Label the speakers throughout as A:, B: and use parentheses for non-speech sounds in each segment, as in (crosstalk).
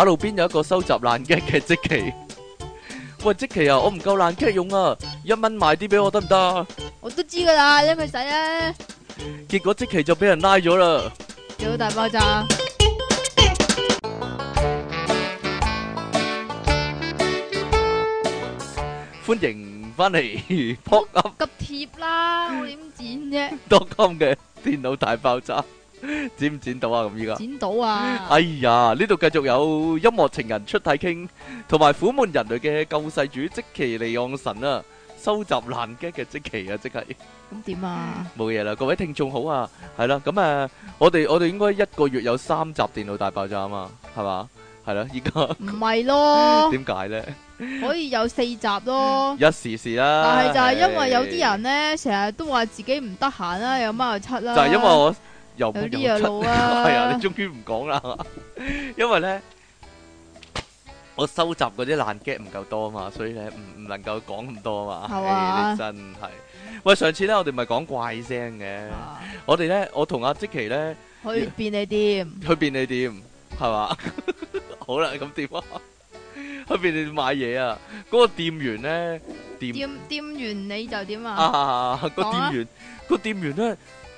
A: 馬路邊有一個收集爛雞嘅積淇，喂積淇啊，我唔夠爛雞用啊，一蚊賣啲俾我得唔得？
B: 我都知噶啦，拎去使啊！
A: 結果積淇就俾人拉咗啦。
B: 有大爆炸！
A: 歡迎翻嚟撲啊
B: 急貼啦，我點剪啫？
A: 多金嘅電腦大爆炸！ (laughs) 剪唔剪到啊？咁依家剪
B: 到啊！
A: 哎呀，呢度繼續有音樂情人出體 king，同埋苦悶人類嘅救世主積淇離岸神啊！收集爛機嘅積淇啊，即係
B: 咁點啊？
A: 冇嘢啦，各位聽眾好啊！係啦，咁啊，我哋我哋應該一個月有三集電腦大爆炸啊嘛，係嘛？係啦，依家
B: 唔係咯？點解咧？可以有四集咯？ (laughs)
A: 一時時啦，但係就係因為有啲人
B: 咧，成日是都話自己唔得閒啊，有乜又出啦，就係因為我。有啲野路啊！係啊，你終
A: 於唔講啦，因為咧我收集嗰啲爛 get 唔夠多啊嘛，所以咧唔唔能夠講咁多啊嘛。係啊，你真係。喂，上次咧我哋咪講怪聲嘅，我哋咧我同阿積淇咧去
B: 便利店，
A: 去便利店係嘛？好啦，咁點啊？去便利店買嘢啊！嗰個店員咧，店
B: 店員你就點啊？啊
A: 啊啊！個店員個店員咧～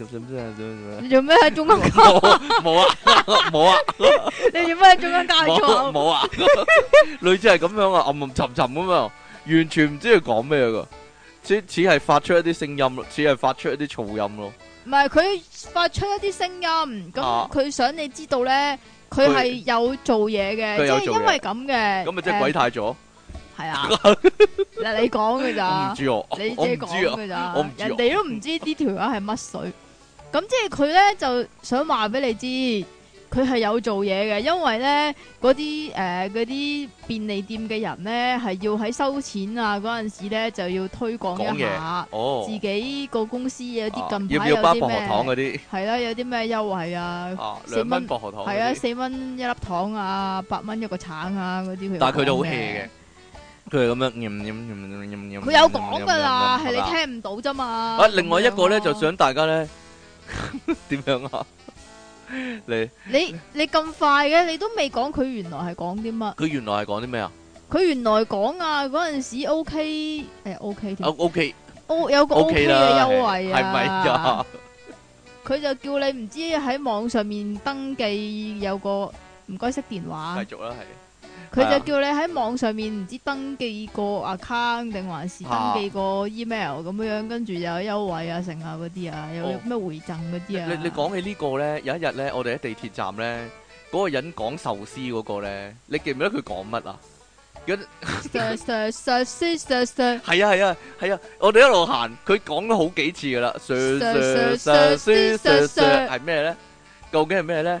A: 做咩啊？喺中間搞乜嘢？冇冇啊！冇啊！
B: 你做咩啊？喺中間搞乜嘢？冇冇啊！
A: 類似係咁樣啊，暗暗沉沉咁啊，完全唔知佢講咩噶，似似係發出一啲聲音咯，似係發出一啲噪音咯。唔
B: 係，佢發出一啲聲音，咁佢想你知道咧，佢係有做嘢嘅，即係因為咁嘅。咁咪即係鬼太
A: 咗？
B: 係啊，嗱你講噶咋？唔知我，你即係講噶咋？我唔知，人哋都唔知呢條友係乜水。咁即係佢咧就想話俾你知，佢係有做嘢嘅，因為咧嗰啲誒啲便利店嘅人咧係要喺收錢啊嗰陣時咧就要推廣一下，自己個公司、oh. 有啲近排要唔要包薄荷糖嗰啲？係啦、 (laughs) 啊，有啲咩優惠啊？四蚊係啊，四蚊、啊、一粒糖啊，八蚊一個橙啊，嗰啲，但係佢都好 hea
A: 嘅，佢係咁樣，佢有講噶啦，係你
B: 聽唔到啫嘛。啊、另外一個咧、啊、就想
A: 大家咧。點樣啊？
B: 你你你咁快嘅，你都未講佢原來係講啲乜？
A: 佢原來係講啲咩啊？
B: 佢原來講啊，嗰陣時 O K 誒，O K O O K O 有個 O K 嘅優惠啊？係咪呀？佢就叫你唔知喺網上面登記有個唔該熄電話，繼
A: 續啦係。佢就叫
B: 你喺網上面唔知登記過 account 定還是登記過 email 咁樣樣，跟住又有優惠啊，剩下嗰啲啊，又有咩回贈嗰啲啊。你你
A: 講起個呢個咧，有一日咧，我哋喺地鐵站咧，嗰、那個人講壽司嗰個咧，你記唔記得佢講乜啊？嗰
B: 壽壽壽司壽壽，
A: 係啊係啊係啊！我哋一路行，佢講咗好幾次噶啦，壽壽壽司壽壽，係咩咧？究竟係咩咧？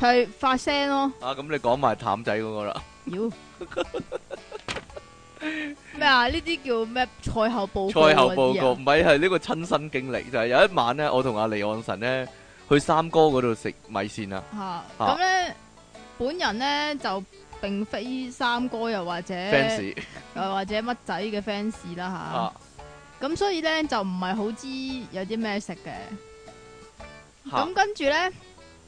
B: 係發聲
A: 咯！啊，咁你講埋譚仔嗰個啦。妖
B: 咩啊？呢啲叫咩？賽後報告？賽後報告唔係，係
A: 呢個親身經歷，就係、是、有一晚咧，我同阿離岸神咧去三哥嗰度食米線啦。
B: 吓咁咧，呢啊、本人咧就並非三哥又或者 fans 又、啊、或者乜仔嘅 fans 啦、啊、吓。咁、啊、所以咧就唔係好知有啲咩食嘅。
A: 咁、啊、跟住咧。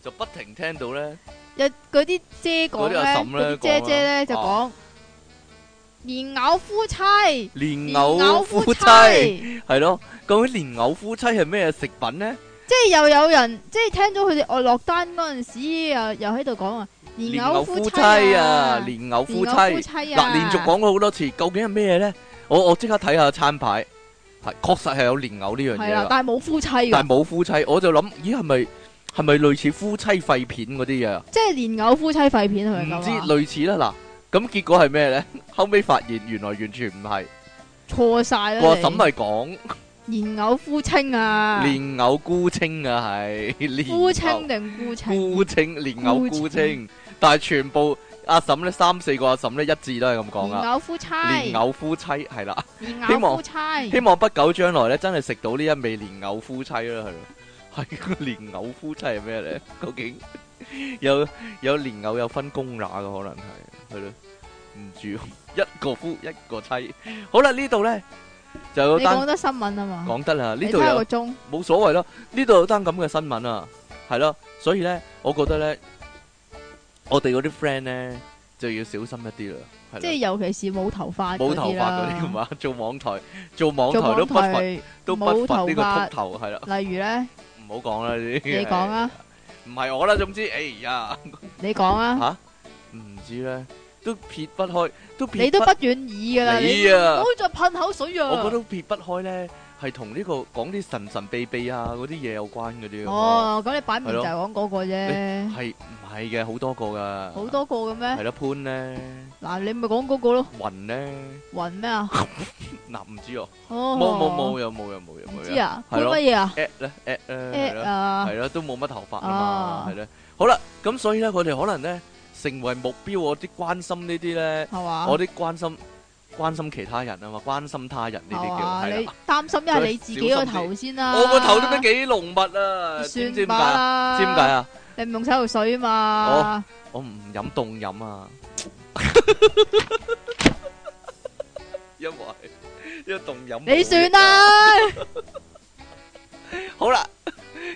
A: 就不停聽到咧，
B: 有嗰啲姐講咧，姐姐咧就講蓮藕夫妻，
A: 蓮藕夫妻係咯。究竟蓮藕夫妻係咩食品咧？
B: 即係又有人即係聽到佢哋愛落單嗰陣時，又又喺度講啊，蓮藕夫妻啊，蓮藕夫妻嗱，連續講咗
A: 好多次，究竟係咩咧？我我即刻睇下餐牌，係確實係有蓮藕呢樣嘢，但係
B: 冇夫妻嘅，但係
A: 冇夫妻，我就諗咦係咪？係咪類似夫妻肺片嗰啲嘢？
B: 即係蓮藕夫妻肺片係咪咁啊？唔知
A: 類似啦，嗱咁結果係咩咧？後尾發現原來完全唔係
B: 錯晒啦！個阿嬸係講蓮藕夫青啊！蓮
A: 藕菇青啊係！夫青
B: 定菇青？
A: 菇青蓮藕菇青，但係全部阿嬸咧三四個阿嬸咧一致都係咁講啊！蓮
B: 藕夫妻，蓮
A: 藕夫妻係啦！ (laughs) 希望希望不久將來咧真係食到呢一味蓮藕夫妻啦，係係個蓮藕夫妻係咩咧？究竟有有蓮藕有分公乸嘅，可能係係咯？唔住一個夫一個妻。好啦，呢度咧就有單，你講得
B: 新聞啊嘛，講
A: 得啦。呢度又冇所謂咯。呢度有單咁嘅新聞啊，係咯。所以咧，我覺得咧，我哋嗰啲 friend 咧就要小心一啲啦。即係
B: 尤其是冇頭髮冇頭髮嗰啲
A: 嘛，做網台做網台都不乏都不乏呢個禿頭係啦。例如咧。唔好講啦！你講啊，唔係 (laughs) 我啦，總之，哎呀， (laughs) 你講啊，嚇、啊，唔知咧，都撇不開，都撇，你都不
B: 願意啊！你啊，唔好再噴口水啊！我覺得
A: 撇不開咧。係同呢個講啲神神秘秘啊嗰啲嘢有關嗰啲。哦，咁你擺明就係
B: 講嗰個啫。
A: 係唔係嘅，好多個噶。好
B: 多個嘅咩？係
A: 咯，潘咧。
B: 嗱，你咪講嗰個咯。
A: 雲咧。
B: 雲咩啊？
A: 嗱，唔知哦。冇冇冇，有冇有冇有冇。知啊？潘乜嘢啊？at 咧 at 咧。at 啊。係咯，都冇乜頭髮啊嘛，係咧。好啦，咁所以咧，我哋可能咧，成為目標我啲關心呢啲咧，係嘛，我啲關心。關心其他人啊嘛，關心他人呢啲叫。係啊，你
B: 擔心一下你自己個頭先啦。我個頭都
A: 幾濃密啊，算吧，知唔知啊？你
B: 唔用洗頭水啊嘛。我
A: 我唔飲凍飲啊。因為，因為凍飲。你算啦。好啦。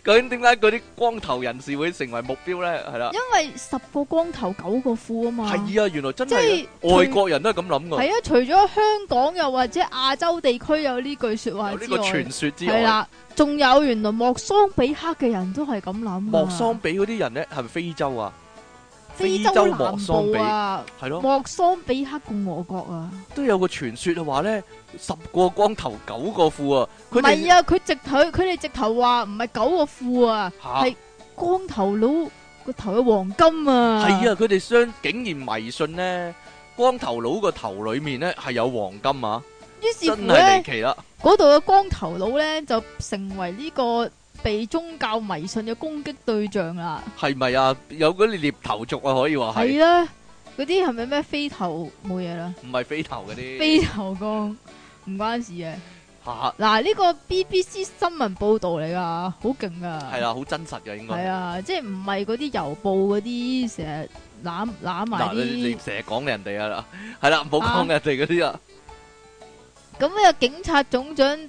A: 究竟點解嗰啲光頭人士會成為目標咧？係啦，因
B: 為十個光頭九個富啊嘛。係啊，
A: 原來真係外國人都係咁諗。係啊，除
B: 咗香港又或者亞洲地區有呢句說話，有呢個傳說之外，係啦，仲、啊、有原來莫桑比克嘅人都係咁諗。莫
A: 桑比嗰啲人咧係咪非洲啊？非洲、啊、莫桑比係咯，莫
B: 桑比克共和國啊，
A: 都有個傳說話咧，十個光頭九個富啊。唔係啊，
B: 佢直佢佢哋直頭話唔係九個富啊，係、啊、光頭佬個頭有黃金啊。係
A: 啊，佢哋相竟然迷信咧，光頭佬個頭裏面咧係有黃金啊。於是唔乎咧，
B: 嗰度嘅光頭佬咧就成為呢、這個被宗教迷信嘅攻擊對象啦，
A: 係咪啊？有嗰啲獵頭族啊，可以話係。係
B: 啦、啊，嗰啲係咪咩飛頭冇嘢啦？
A: 唔係飛頭嗰啲。飛
B: 頭降唔關事嘅。吓嗱、啊，呢、啊這個 BBC 新聞報道嚟噶，好勁噶。係
A: 啦、啊，好真實噶，應該係啊，
B: 即係唔係嗰啲郵報嗰啲成日攬攬埋啲，成
A: 日講人哋啊啦，係啦，唔好講人哋嗰啲啊。
B: 咁呢、啊 (laughs) 啊啊那個警察總長？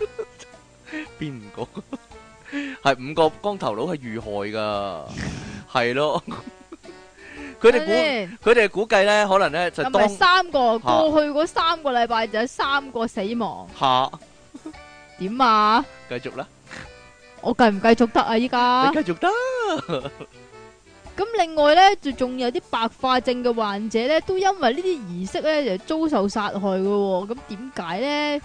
A: 邊個係五個光頭佬係遇害噶？係咯，
B: 佢哋估
A: 佢哋估計咧，可能咧就當三
B: 個過去嗰三個禮拜就有三個死亡吓？點啊？繼續啦，我繼唔繼續得啊？依家你繼續得。咁另外咧，就仲有啲白化症嘅患者咧，都因為呢啲儀式咧，就遭受殺害噶喎。咁點解咧？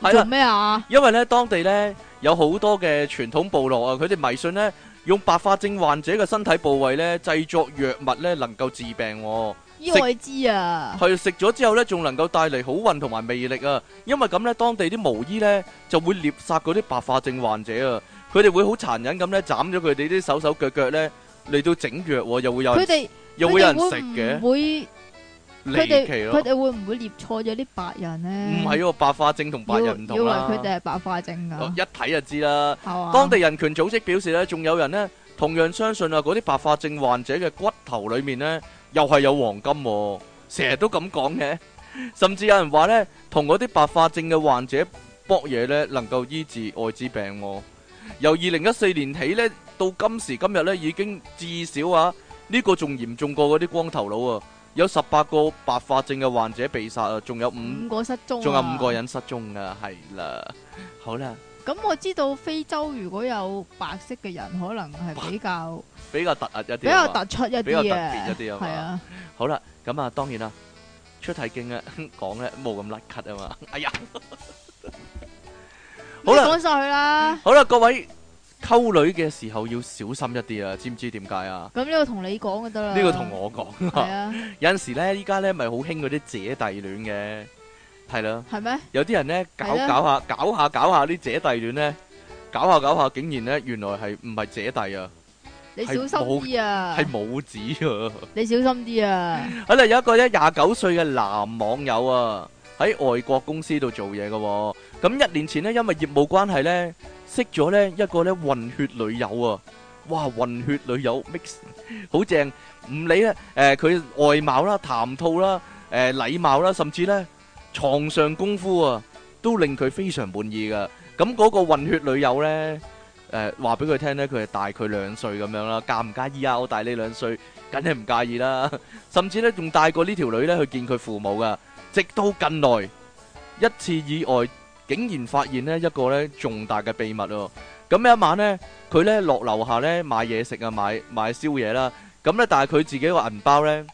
B: 係啦，咩啊？
A: 因為咧，當地咧有好多嘅傳統部落啊，佢哋迷信咧，用白化症患者嘅身體部位咧，製作藥物咧，能夠治病。我
B: 艾滋啊，係
A: 食咗之後咧，仲能夠帶嚟好運同埋魅力啊！因為咁咧，當地啲巫醫咧就會獵殺嗰啲白化症患者啊，佢哋會好殘忍咁咧斬咗佢哋啲手手腳腳咧嚟到整藥，又會有人，佢哋又會有人食嘅。佢哋佢哋會
B: 唔會獵錯咗啲白人
A: 咧？唔係喎，白化症同白人唔同啦。以為佢哋
B: 係白化症
A: 噶，一睇就知啦。係嘛？當地人權組織表示咧，仲有人咧同樣相信啊，嗰啲白化症患者嘅骨頭裏面咧又係有黃金喎，成日都咁講嘅。甚至有人話咧，同嗰啲白化症嘅患者搏嘢咧，能夠醫治艾滋病喎。由二零一四年起咧，到今時今日咧，已經至少啊，呢個仲嚴重過嗰啲光頭佬啊。有十八個白化症嘅患者被殺啊，仲有 5, 五個
B: 失蹤，啊，仲有五個人
A: 失蹤啊，係啦，好啦，
B: 咁、嗯、我知道非洲如果有白色嘅人，可能係比較
A: 比較突兀一啲，比較突出一啲嘅，特別一啲，係啊，好啦，咁、嗯、啊，當然啦，出體 king 啊，講咧冇咁甩咳啊嘛，哎呀，
B: (laughs) 好啦了，講晒佢啦，好
A: 啦，各位。溝女嘅時候要小心一啲 (laughs) 啊，知唔知點解啊？
B: 咁呢個同你講就得啦。呢個同我講。係啊。有
A: 陣時咧，依家咧咪好興嗰啲姐弟戀嘅，係啦。係咩嗎？有啲人咧搞的搞下，搞下搞下啲姐弟戀咧，搞下搞下竟然咧，原來係唔係姐弟啊？
B: 你小心啲啊！係
A: 母子啊！
B: 你小心啲啊！
A: 啊！嚟有一個一廿九歲嘅男網友啊，喺外國公司度做嘢嘅，咁一年前呢，因為業務關係咧。識咗咧一個咧混血女友啊，哇！混血女友 Mix 好正，唔理咧誒佢外貌啦、談吐啦、誒禮貌啦，甚至咧牀上功夫啊，都令佢非常滿意噶。咁嗰個混血女友咧誒話俾佢聽咧，佢係大佢兩歲咁樣啦，介唔介意啊？我大你兩歲，梗係唔介意啦。甚至咧仲帶過呢條女咧去見佢父母噶，直到近來一次意外。竟然發現咧一個咧重大嘅秘密哦！咁一晚咧，佢咧落樓下咧買嘢食啊，買買宵夜啦。咁咧，但係佢自己個銀包咧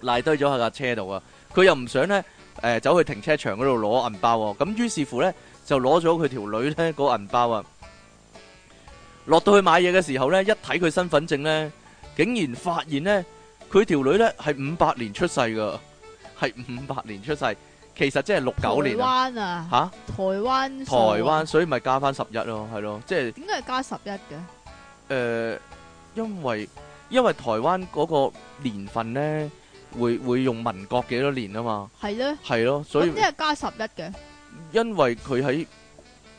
A: 賴低咗喺架車度啊！佢又唔想咧誒走去停車場嗰度攞銀包喎。咁於是乎咧就攞咗佢條女咧個銀包啊！落到去買嘢嘅時候咧，一睇佢身份證咧，竟然發現咧佢條女咧係五百年出世㗎，係五百年出世。其實即係六九年啊，吓，
B: 台灣，台灣
A: 所以咪加翻十一咯。係咯，即係點
B: 解係加十一嘅？
A: 誒，因為因為台灣嗰個年份咧，會會用民國幾多年啊嘛？係
B: 咯，
A: 係咯，所以即係
B: 加十一嘅。
A: 因為佢喺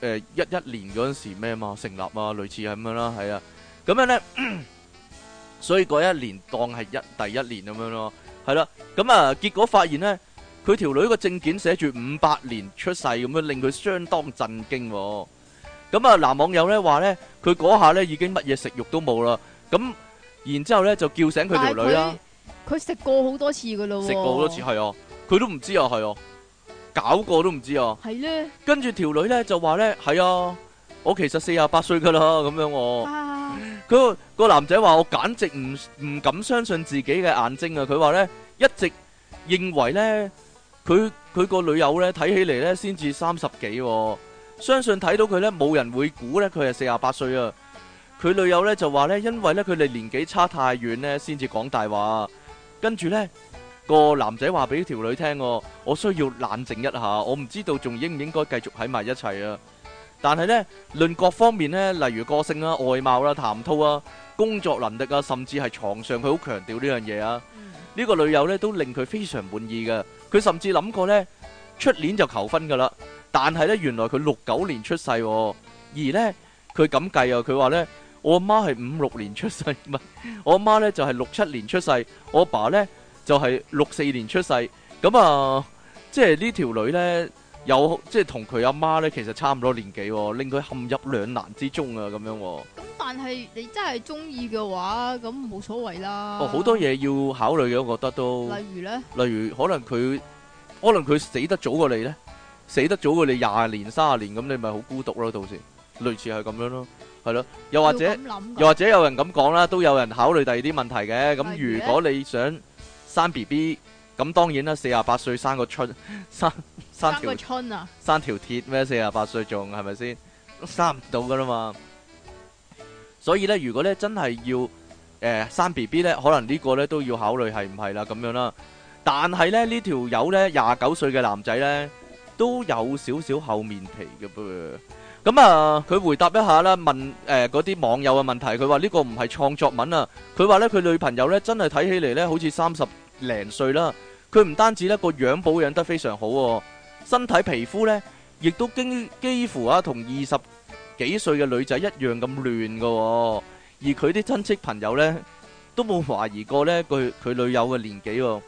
A: 誒一一年嗰陣時咩嘛成立啊，類似係咁樣啦，係啊，咁樣咧，所以嗰一年當係一第一年咁樣咯，係啦，咁啊，結果發現咧。佢條女個證件寫住五八年出世咁樣，令佢相當震驚。咁啊，男網友咧話咧，佢嗰下咧已經乜嘢食慾都冇啦。咁然之後咧就叫醒佢條女啦。
B: 佢食過好多次噶啦，食過好多
A: 次係啊，佢都唔知啊，係啊，搞過都唔知啊。
B: 係咧。
A: 跟住條女咧就話咧，係啊，我其實四十八歲噶啦咁樣。啊。佢個個男仔話：我簡直唔唔敢相信自己嘅眼睛啊！佢話咧，一直認為咧。佢佢個女友呢睇起嚟呢先至三十幾，相信睇到佢呢冇人會估呢。佢係四十八歲啊。佢女友呢就話呢，因為呢佢哋年紀差太遠呢先至講大話。跟住呢個男仔話俾條女聽：我需要冷靜一下，我唔知道仲應唔應該繼續喺埋一齊啊。但係呢，論各方面呢，例如個性啊、外貌啦、談吐啊、工作能力啊，甚至係床上，佢好強調呢樣嘢啊。呢、這個女友呢都令佢非常滿意嘅。佢甚至諗過呢，出年就求婚噶啦。但係呢，原來佢六九年出世喎，而呢佢咁計啊，佢話呢，我阿媽係五六年出世，唔係，我阿媽呢就係六七年出世，我阿爸呢就係六四年出世。咁啊，即係呢條女呢。有即係同佢阿媽呢，其實差唔多年紀，令佢陷入兩難之中啊！咁樣咁，
B: 但係你真係中意嘅話，咁冇所謂啦。哦，好多嘢
A: 要考慮嘅，我覺得都。例如呢，例如，可能佢，可能佢死得早過你呢，死得早過你廿年、三十年，咁你咪好孤獨咯？到時類似係咁樣咯，係咯。又或者，又或者有人咁講啦，都有人考慮第二啲問題嘅。咁如果你想生 B B。咁當然啦，四十八歲生個春，生生條春啊，生條鐵咩？四十八歲仲係咪先生唔到噶啦嘛？所以呢，如果呢真係要誒、呃、生 B B 呢，可能個呢個咧都要考慮係唔係啦咁樣啦。但係咧呢條友呢，廿九歲嘅男仔呢，都有少少厚面皮嘅噃。咁、呃、啊，佢回答一下啦，問誒嗰啲網友嘅問題，佢話呢個唔係創作文啊。佢話呢，佢女朋友呢，真係睇起嚟呢，好似三十。零歲啦，佢唔單止呢個樣保養得非常好，身體皮膚呢亦都經幾乎啊同二十幾歲嘅女仔一樣咁嫩㗎，而佢啲親戚朋友呢都冇懷疑過呢佢佢女友嘅年紀，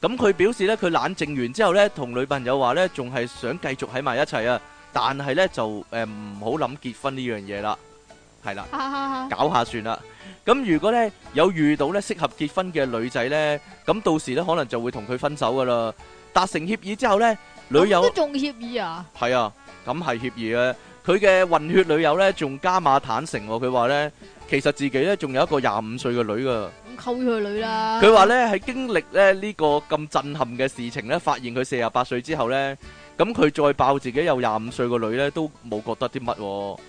A: 咁佢表示呢佢冷靜完之後呢同女朋友話呢仲係想繼續喺埋一齊啊，但係呢就誒唔好諗結婚呢樣嘢啦，係啦，搞下算啦。咁如果咧有遇到咧適合結婚嘅女仔咧，咁到時咧可能就會同佢分手噶啦。達成協議之後咧，女友都
B: 仲協議啊，
A: 係啊，咁係協議嘅。佢嘅混血女友咧，仲加碼坦誠，佢話咧其實自己咧仲有一個廿五歲嘅女噶，咁
B: 溝佢個女啦。佢話咧喺
A: 經歷咧呢個咁震撼嘅事情咧，發現佢四十八歲之後咧，咁佢再爆自己有廿五歲個女咧，都冇覺得啲乜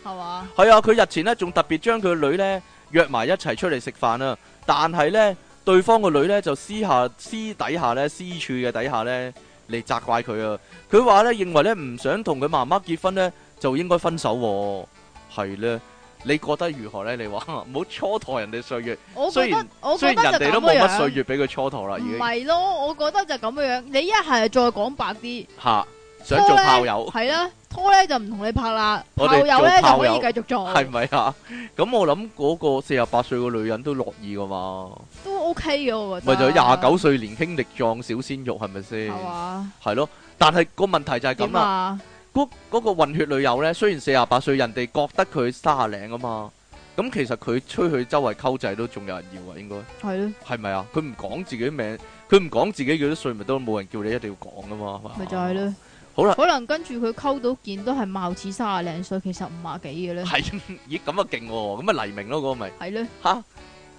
A: 係嘛？係啊，佢日前咧仲特別將佢個女咧。約埋一齊出嚟食飯啊，但係咧，對方個女咧就私下私底下咧私處嘅底下咧嚟責怪佢啊！佢話咧認為咧唔想同佢媽媽結婚咧就應該分手。哦，係咧，你覺得如何咧？你話唔好蹉跎人哋歲月，我覺得雖然，我覺得雖然人哋都冇乜歲月俾佢蹉跎啦，已經唔係
B: 咯，我覺得就咁樣樣。你一係再講白啲
A: 吓。想做炮友係
B: 啦，拖咧就唔同你拍啦，炮友咧就可以繼續做。係咪啊？
A: 咁我諗嗰個四十八歲個女人都樂意噶嘛，
B: 都 OK 嘅我覺得。咪就廿九
A: 歲年輕力壯小鮮肉係咪先？係啊，係咯。但係個問題就係咁啊，嗰嗰個混血女友咧，雖然四十八歲，人哋覺得佢卅零啊嘛。咁其實佢吹去周圍溝仔都仲有人要啊，應該係咯。係咪啊？佢唔講自己名，佢唔講自己幾多歲，咪都冇人叫你一定要講噶嘛。咪就係咯。好啦，可
B: 能跟住佢溝到件都係貌似卅零歲，其實五啊幾嘅咧。係
A: (laughs) 咦咁啊勁喎！咁啊黎明咯，嗰個咪。係咧，嚇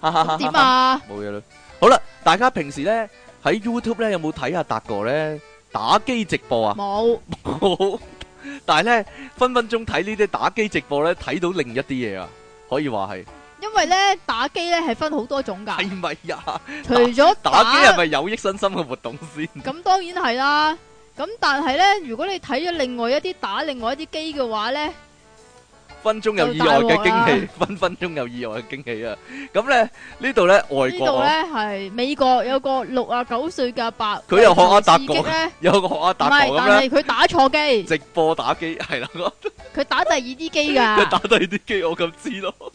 A: 嚇點啊！冇嘢啦。好啦，大家平時咧喺 YouTube 咧有冇睇阿達哥咧打機直播啊？冇冇沒。 (laughs) 但係咧分分鐘睇呢啲打機直播咧，睇到另一啲嘢啊！可以話係。
B: 因為咧打機咧係分好多種㗎。係咪
A: 啊？除咗打機係咪有益身心嘅活動先？
B: 咁當然係啦。咁、嗯、但係咧，如果你睇咗另外一啲打另外一啲機嘅話咧，
A: 分鐘有意外嘅驚喜，分分鐘有意外嘅驚喜啊！咁 (laughs) 咧呢度咧外國，呢度咧
B: 係美國有個六啊九歲嘅阿伯，佢又學下打機，有個學下打機是但係佢打錯機，
A: 直播打機係啦，
B: 佢 (laughs) 打第二啲機噶，
A: (laughs) 打第二啲機我咁知咯。 (laughs)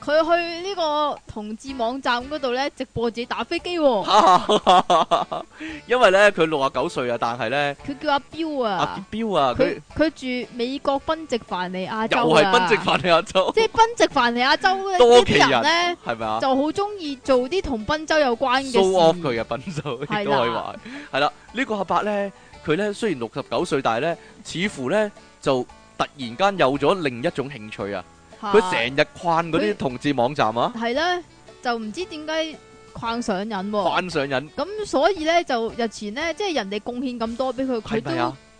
B: 佢去呢個同志網站嗰度咧，直播自己打飛機，哦。
A: (laughs) 因為咧，佢六啊九歲啊，但係咧，
B: 佢叫阿彪啊，阿彪，彪啊，佢佢他他住美國賓夕凡尼亞州啊，又係賓夕
A: 凡尼亞州，即係
B: 賓夕凡尼亞州多啲人咧，係咪啊？吧就好中意做啲同賓州有關嘅。so off
A: 佢嘅賓州，亦都 (laughs) 可以話係啦。呢、這個阿伯咧，佢咧雖然六十九歲，但係咧，似乎咧就突然間有咗另一種興趣啊。佢成日框嗰啲同志網站啊，
B: 係咧就唔知點解框上癮，逛上癮咁，所以咧就日前咧，即係人哋貢獻咁多俾佢，佢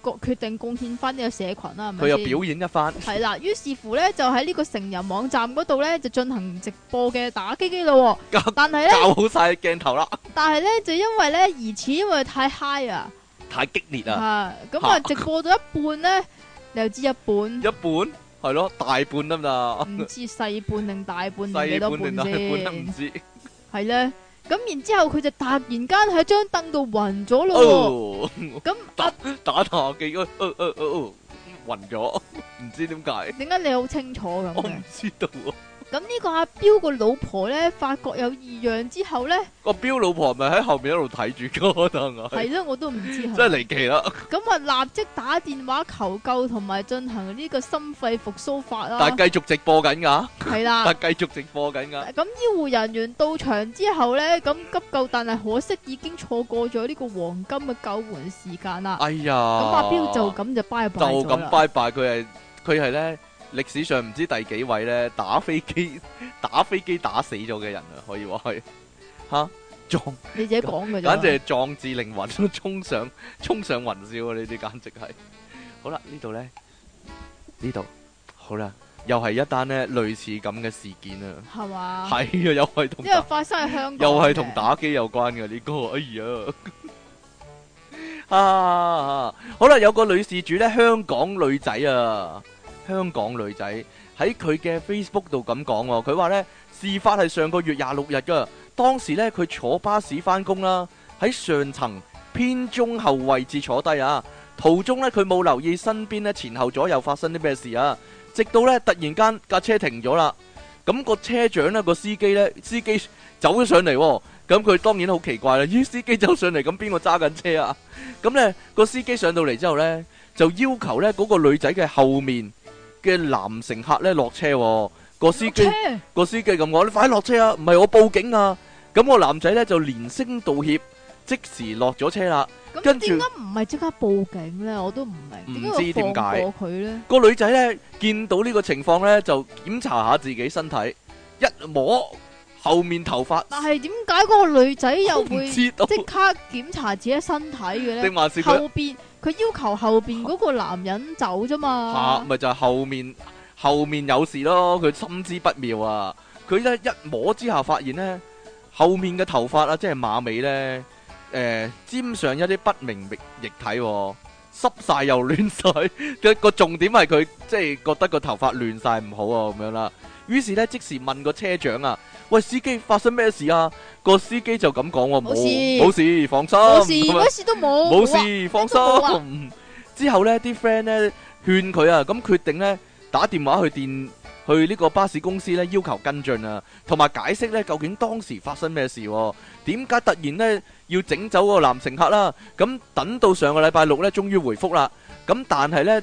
B: 都決定貢獻翻呢個社群啦，係咪，佢又表演
A: 一番，係啦，
B: 於是乎咧就喺呢個成人網站嗰度咧就進行直播嘅打機機
A: 咯，但係咧搞好晒鏡頭啦，
B: 但係咧就因為咧疑似因為太 high 啊，
A: 太激烈啊，
B: 咁啊直播到一半咧，又至一半，
A: 一半。係咯，大半啊嘛，唔知
B: 細半定大半幾多半啫，係咧、啊。咁 (laughs) (laughs) 然之後佢就突然間喺張凳度暈咗咯。
A: 咁打打下嘅，暈、呃、咗，唔、呃呃呃、 (laughs) 知點解。點
B: 解你好清楚咁我唔
A: 知道、啊。
B: 咁呢個阿彪個老婆咧，發覺有異樣之後咧，
A: 個、哦、彪老婆咪喺後面一路睇住嗰個，可能係
B: 咯， (laughs) 我都唔知。 (laughs) 真係
A: 離奇啦！
B: 咁啊，立即打電話求救同埋進行呢個心肺復蘇法啦。但係繼
A: 續直播緊噶。係啦 (laughs) 的。 (laughs) 但係繼續直播緊噶。
B: 咁醫護人員到場之後咧，咁急救，但係可惜已經錯過咗呢個黃金嘅救援時間啦。哎呀！咁阿彪就咁就拜拜就咁拜
A: 拜，佢係，佢係咧。歷史上唔知第幾位咧，打飛機打飛機打死咗嘅人啊，可以話係吓壯你自己講嘅啫，簡直壯志凌雲，衝上衝上雲霄啊！呢啲簡直係好啦，呢度咧呢度好啦，又係一單呢類似咁嘅事件啊，係嘛係啊， (laughs) 又係同因
B: 為發生喺香港，又係同打
A: 機有關嘅呢、這個，哎呀 (laughs) 啊好啦，有個女事主咧，香港女仔啊。香港女仔喺佢嘅 Facebook 度咁講喎，佢話呢，事發係上個月廿六日噶。當時呢，佢坐巴士翻工啦，喺上層偏中後位置坐低啊。途中呢，佢冇留意身邊呢，前後左右發生啲咩事啊。直到呢，突然間架車停咗啦，咁個車長呢，個司機呢，司機走咗上嚟，咁佢當然好奇怪啦。咦，司機走上嚟咁邊個揸緊車啊？咁呢個司機上到嚟之後呢，就要求呢嗰個女仔嘅後面嘅男乘客咧落車、哦，個司機 Okay. 個司機咁講：你快落車啊！唔係我報警啊！咁、個男仔咧就連聲道歉，即時落咗車啦。咁點
B: 解唔係即刻報警咧？我都唔
A: 明。唔知點解。個女仔咧見到呢個情況咧，就檢查下自己身體，一摸。後面頭髮，但
B: 係點解嗰個女仔又會即刻檢查自己身體嘅咧？ (laughs) 是後邊佢要求後邊嗰個男人走啫嘛？咪、啊、
A: 就係、是、後面後面有事咯，佢心知不妙啊！佢一一摸之下發現呢，後面嘅頭髮啊，即係馬尾呢，誒、呃，沾上一啲不明液體，啊，濕晒又亂晒，個 (laughs) 重點係佢即係覺得個頭髮亂晒唔好啊，咁樣啦。於是呢，即時問個車長啊，喂，司機發生咩事啊？個司機就咁講喎，冇事，冇事，放心，冇事，咩事都
B: 冇，冇事，放心。
A: 之後呢，啲 friend 呢勸佢啊，咁決定呢打電話去電去呢個巴士公司呢，要求跟進啊，同埋解釋呢，究竟當時發生咩事？點解突然呢要整走個男乘客啦？咁等到上個禮拜六呢，終於回覆啦。咁但係呢。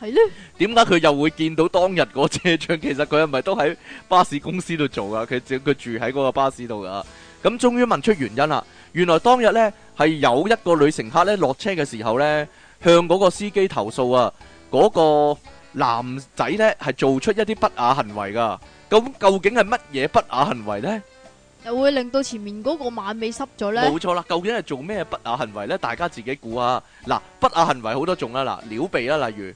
A: 係咧，點解佢又會見到當日嗰車長？其實佢係咪都喺巴士公司度做噶？佢住佢住喺嗰個巴士度噶。咁終於問出原因啦。原來當日咧係有一個女乘客咧落車嘅時候咧，向嗰個司機投訴啊。嗰個男仔咧係做出一啲不雅行為噶。咁究竟係乜嘢不雅行為咧？
B: 又會令到前面嗰個晚尾濕咗咧？冇錯
A: 啦。究竟係做咩不雅行為咧？大家自己估下。嗱，不雅行為好多種啦。嗱，撩鼻啦，例如。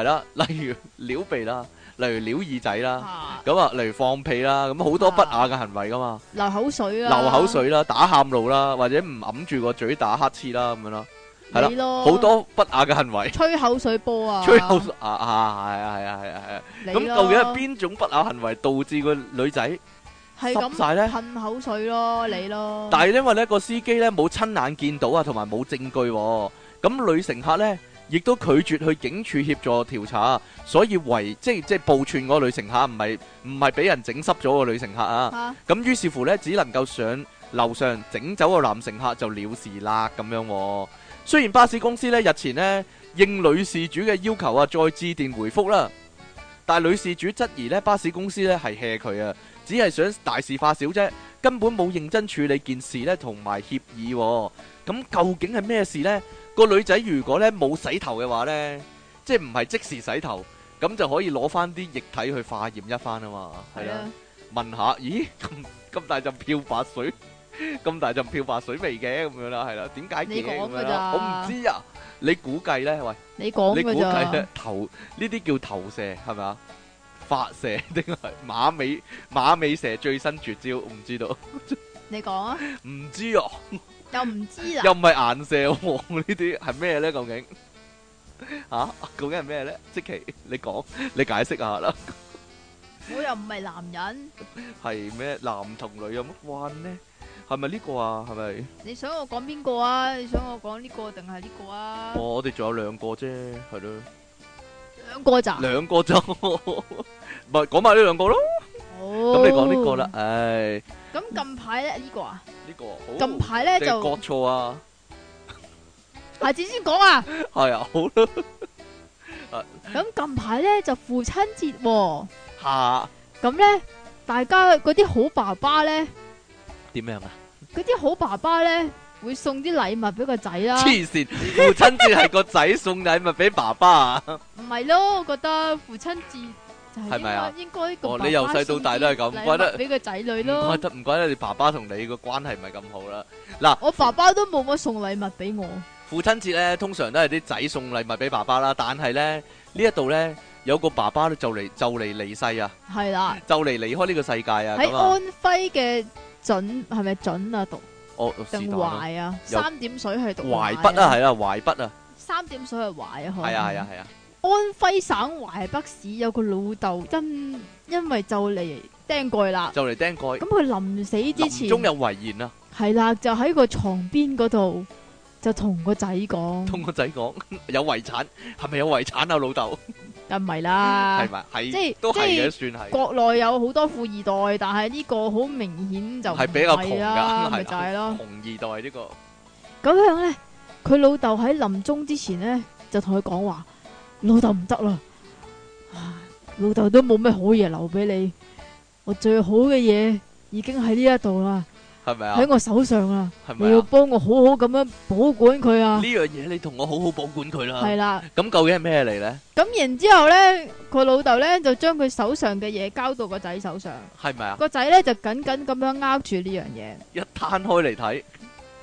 A: 係啦，例如撩鼻啦，例如撩耳仔啦，咁啊，例如放屁啦，咁好多不雅嘅行為噶嘛，
B: 流口水啦，流口
A: 水啦，打喊路啦，或者唔揞住個嘴打乞嗤啦，咁樣咯，
B: 係啦，好多
A: 不雅嘅行為，吹
B: 口水波啊，吹
A: 口水啊啊，係啊係啊係啊係啊，咁究竟係邊種不雅行為導致個女仔濕曬咧？噴
B: 口水咯，你咯，但係
A: 因為咧個司機咧冇親眼見到啊，同埋冇證據，咁女乘客咧。亦都拒絕去警署協助調查，所以圍即係即係暴串嗰個女乘客，唔係唔係俾人整濕咗個女乘客啊！咁於是乎咧，只能夠上樓上整走個男乘客就了事啦咁樣。雖然巴士公司咧日前咧應女事主嘅要求啊，再致電回覆啦，但係女事主質疑咧巴士公司咧係 hea 佢啊，只係想大事化小啫，根本冇認真處理件事咧同埋協議。咁究竟係咩事咧？個女仔如果咧冇洗頭嘅話咧，即係唔係即時洗頭，咁就可以攞翻啲液體去化驗一番啊嘛。係啦，問下，咦，咁咁大陣漂白水，咁大陣漂白水味嘅咁樣啦，係啦，點解嘅咁樣？我唔知啊，你估計咧？喂，你講嘅咋？你估計咧投呢啲叫投射係咪啊？發射定係馬尾馬尾蛇最新絕招？唔知道。
B: 你講啊？
A: 唔知啊。
B: 又唔知啦，又唔係
A: 顏射王呢啲係咩咧？究竟吓？究竟係咩咧？即其你講你解釋下啦！
B: 我又唔係男人，
A: 係咩男同女有乜關呢？係咪呢個啊？係咪？
B: 你想我講邊個啊？你想我講呢個定係呢個啊？
A: 我哋仲有兩個啫，係咯，兩個咋？兩個咋？唔係講埋呢兩個咯？
B: 咁你講呢個啦，
A: 唉。
B: 咁、嗯、近排咧呢個啊？呢
A: 個近排咧就覺錯啊！
B: 下次先講啊。
A: 係啊，好啦。
B: 咁近排咧就父親節喎。
A: 吓。
B: 咁咧，大家嗰啲好爸爸咧，
A: 點樣啊？
B: 嗰啲好爸爸咧會送啲禮物俾個仔啦。黐
A: 綫，父親節係個仔送禮物俾爸爸啊。
B: 唔係咯，我覺得父親節。係咪啊？哦，你由細到大都係咁，覺得俾個仔女咯。唔怪得，
A: 唔怪得你爸爸同你個關係唔係咁好啦。嗱，
B: 我爸爸都冇乜送禮物俾我。
A: 父親節咧，通常都係啲仔送禮物俾爸爸啦。但係咧呢一度咧有個爸爸就嚟就嚟離世啊。係啦，就嚟離開呢個世界啊。喺安
B: 徽嘅準係咪準啊？讀
A: 哦，淮啊，三
B: 點水係讀淮北啊，係啦，淮北啊。三點水係淮啊，係啊，係啊，係啊。安徽省淮北市有個老豆，真，因為釘就嚟釘蓋啦，
A: 就嚟釘蓋。咁佢
B: 臨死之前，終有遺言啊，係啦，就喺個床邊嗰度，就同個仔講，同個
A: 仔講有遺產，係咪有遺產啊？老豆，
B: 唔 (laughs) 係啦，係咪？即係都係嘅，算係。是是國內有好多富二代，但係呢個好明顯就係比較窮噶，這個，就係咯，
A: 窮二代呢個。
B: 咁樣咧，佢老豆喺臨終之前咧，就同佢講話。老豆唔得啦，老豆都冇咩好嘢留俾你，我最好嘅嘢，已經喺呢一度啦，
A: 係咪啊？喺我手上啊，係咪啊？你要
B: 幫我好好咁樣保
A: 管佢啊！呢樣嘢你同我好好保管佢啦。係啦，咁究竟係咩嚟咧？
B: 咁然之後咧，個老豆咧就將佢手上嘅嘢交到個仔手上，係咪啊？個仔咧就緊緊咁樣握住呢樣嘢，
A: 一攤開嚟睇，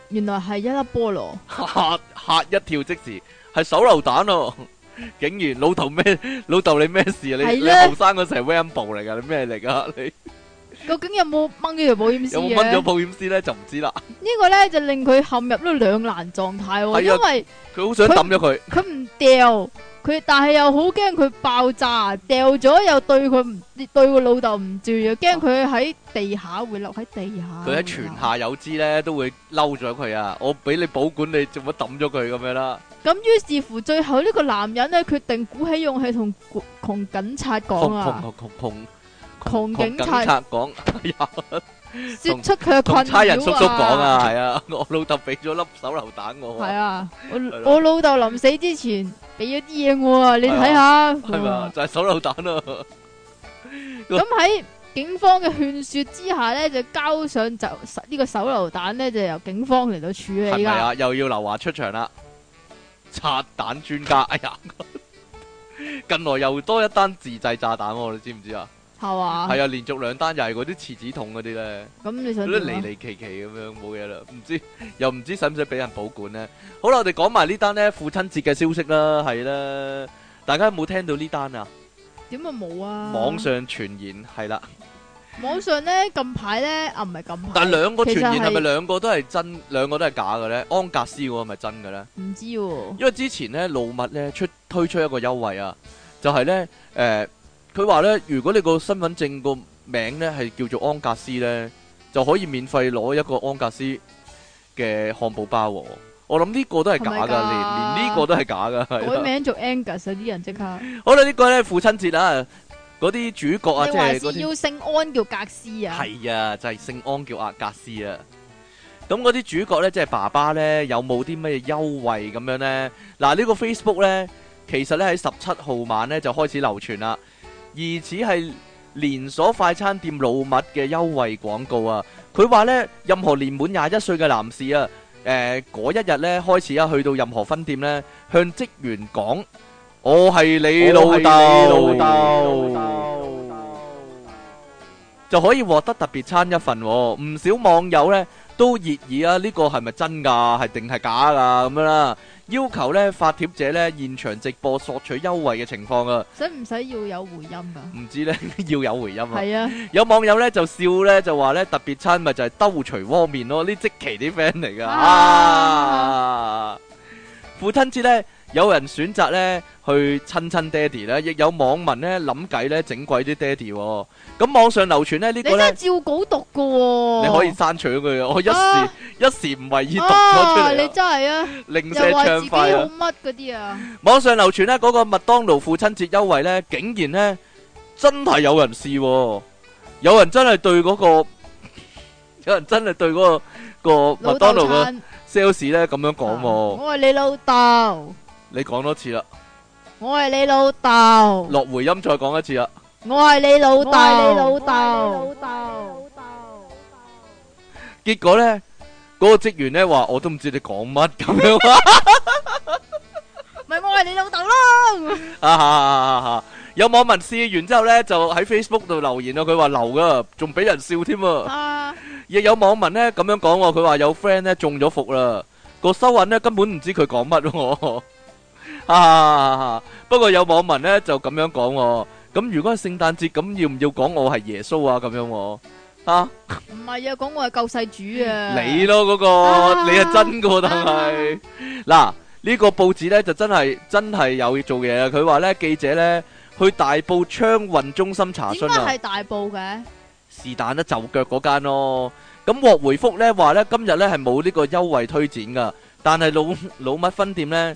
B: 原來係一粒菠蘿，吓
A: 吓一跳，即時係手榴彈哦！竟然老頭咩，老豆你咩事啊？你你後生嗰時係 Rambo 嚟噶你咩嚟噶你
B: (laughs) 究竟有冇掹咗條保險絲？ (laughs) 有冇掹咗保險
A: 絲咧就唔知啦。
B: 呢個咧就令佢陷入咗兩難狀態喎，的因為佢好想抌咗佢，佢唔掉。 (laughs) 佢但係又好驚佢爆炸掉咗，又對佢唔對個老豆唔住，驚佢喺地下會留喺地下。佢喺
A: 泉下有知咧,都會嬲咗佢啊！我俾你保管，你做乜抌咗佢咁樣啦？
B: 咁於是乎，最後呢個男人咧決定鼓起勇氣同同警察講啊！同同警察講，
A: 說出佢嘅困擾啊！差人叔叔講啊，係啊，我老豆俾咗粒手榴彈我。係啊，我
B: 我老豆臨死之前。俾咗啲嘢我啊，你睇下，係咪就係、
A: 是、手榴彈啊！
B: 咁喺警方嘅勸說之下呢，就交上就呢、呢個手榴彈呢，就由警方嚟到處理。係咪啊？
A: 又要劉華出場啦！拆彈專家，哎呀， (laughs) 近來又多一單自製炸彈，你知唔知啊？係啊，係啊，連續兩單又係嗰啲廁紙桶嗰啲咧。咁你想？呢離離奇奇咁樣冇嘢啦，唔知又唔知使唔使俾人保管呢。好啦，我哋講埋呢單咧，父親節嘅消息啦，係啦，大家有冇聽到呢單啊？
B: 點啊冇啊？網上
A: 傳言係啦。
B: 網上咧近排咧啊唔係咁， (laughs) 但係兩個傳言係咪
A: 兩個都係真，兩個都係假嘅咧？安格斯嗰個係咪真嘅咧？
B: 唔知、啊。
A: 因為之前咧老麥咧出推出一個優惠啊，就係咧誒。呃佢話咧：如果你個身份證個名咧係叫做安格斯咧，就可以免費攞一個安格斯嘅漢堡包喎、哦。我諗呢個都係假㗎，連連呢個都係假㗎。改名
B: 做 Angus 啊！啲人即刻
A: 好啦，這個、呢個咧父親節啊，嗰啲主角啊，即係要
B: 姓安叫格斯啊，係啊，就
A: 係、是、姓安叫阿格斯啊。咁嗰啲主角咧，即係爸爸咧，有冇啲咩優惠咁樣咧？嗱、啊，這個、呢個 Facebook 咧，其實咧喺十七號晚咧就開始流傳啦。而此係連鎖快餐店老麥嘅優惠廣告啊！佢話咧，任何年滿廿一歲嘅男士啊，誒、嗰、一日咧開始啊，去到任何分店咧，向職員講，我係你，我係你老豆爸老豆。就可以獲得特別餐一份，唔少網友呢都熱議啊！呢個係咪真㗎？係定係假㗎？咁樣啦，要求呢發帖者呢現場直播索取優惠嘅情況啊！使
B: 唔使要有回音啊？
A: 唔知呢， (laughs) 要有回音啊！係啊！有網友呢就笑呢，就話呢特別餐咪就係兜除鍋麵咯，呢即期啲 friend 嚟噶啊！父親、啊、 (laughs) 節呢。有人選擇咧去親親爹哋咧，亦有網民咧諗計咧整鬼啲爹哋。咁網上流傳咧呢個你真係
B: 照稿讀噶，你可以
A: 刪除佢嘅，我一時一時唔為意讀咗出嚟。
B: 你真
A: 係啊，又話自己好
B: 乜嗰啲啊！
A: 網上流傳咧嗰個麥當勞父親節優惠咧，竟然咧真係有人試，有人真係對嗰個，有人真係對嗰個個麥當勞嘅 sales 咧咁樣講。我
B: 係你老豆。
A: 你講多次啦，
B: 我係你老豆。
A: 落回音再講一次啦，
B: 我係你老豆，你老豆。
A: 結果咧，嗰個職員咧話，我都唔知你講乜咁樣啊，
B: 咪我係你老豆
A: 咯。有網民試完之後咧，就喺 Facebook 度留言啊，佢話流噶，仲俾人笑添啊。亦有網民咧咁樣講我，佢話有 friend 咧中咗伏啦，個收銀咧根本唔知佢講乜咯我。啊！不過有網民咧就咁樣講我，咁如果係聖誕節，咁要唔要講我係耶穌啊？咁樣我，啊？
B: 唔係啊，講我係救世主啊！你
A: 咯，嗰個你係真個，但係嗱呢個報紙咧就真係真係有做嘢啊！佢話咧記者咧去大埔昌運中心查詢啊，係
B: 大埔嘅，
A: 是但咧就腳嗰間咯。咁獲回覆咧話咧今日咧係冇呢個優惠推展噶，但係老老麥分店咧。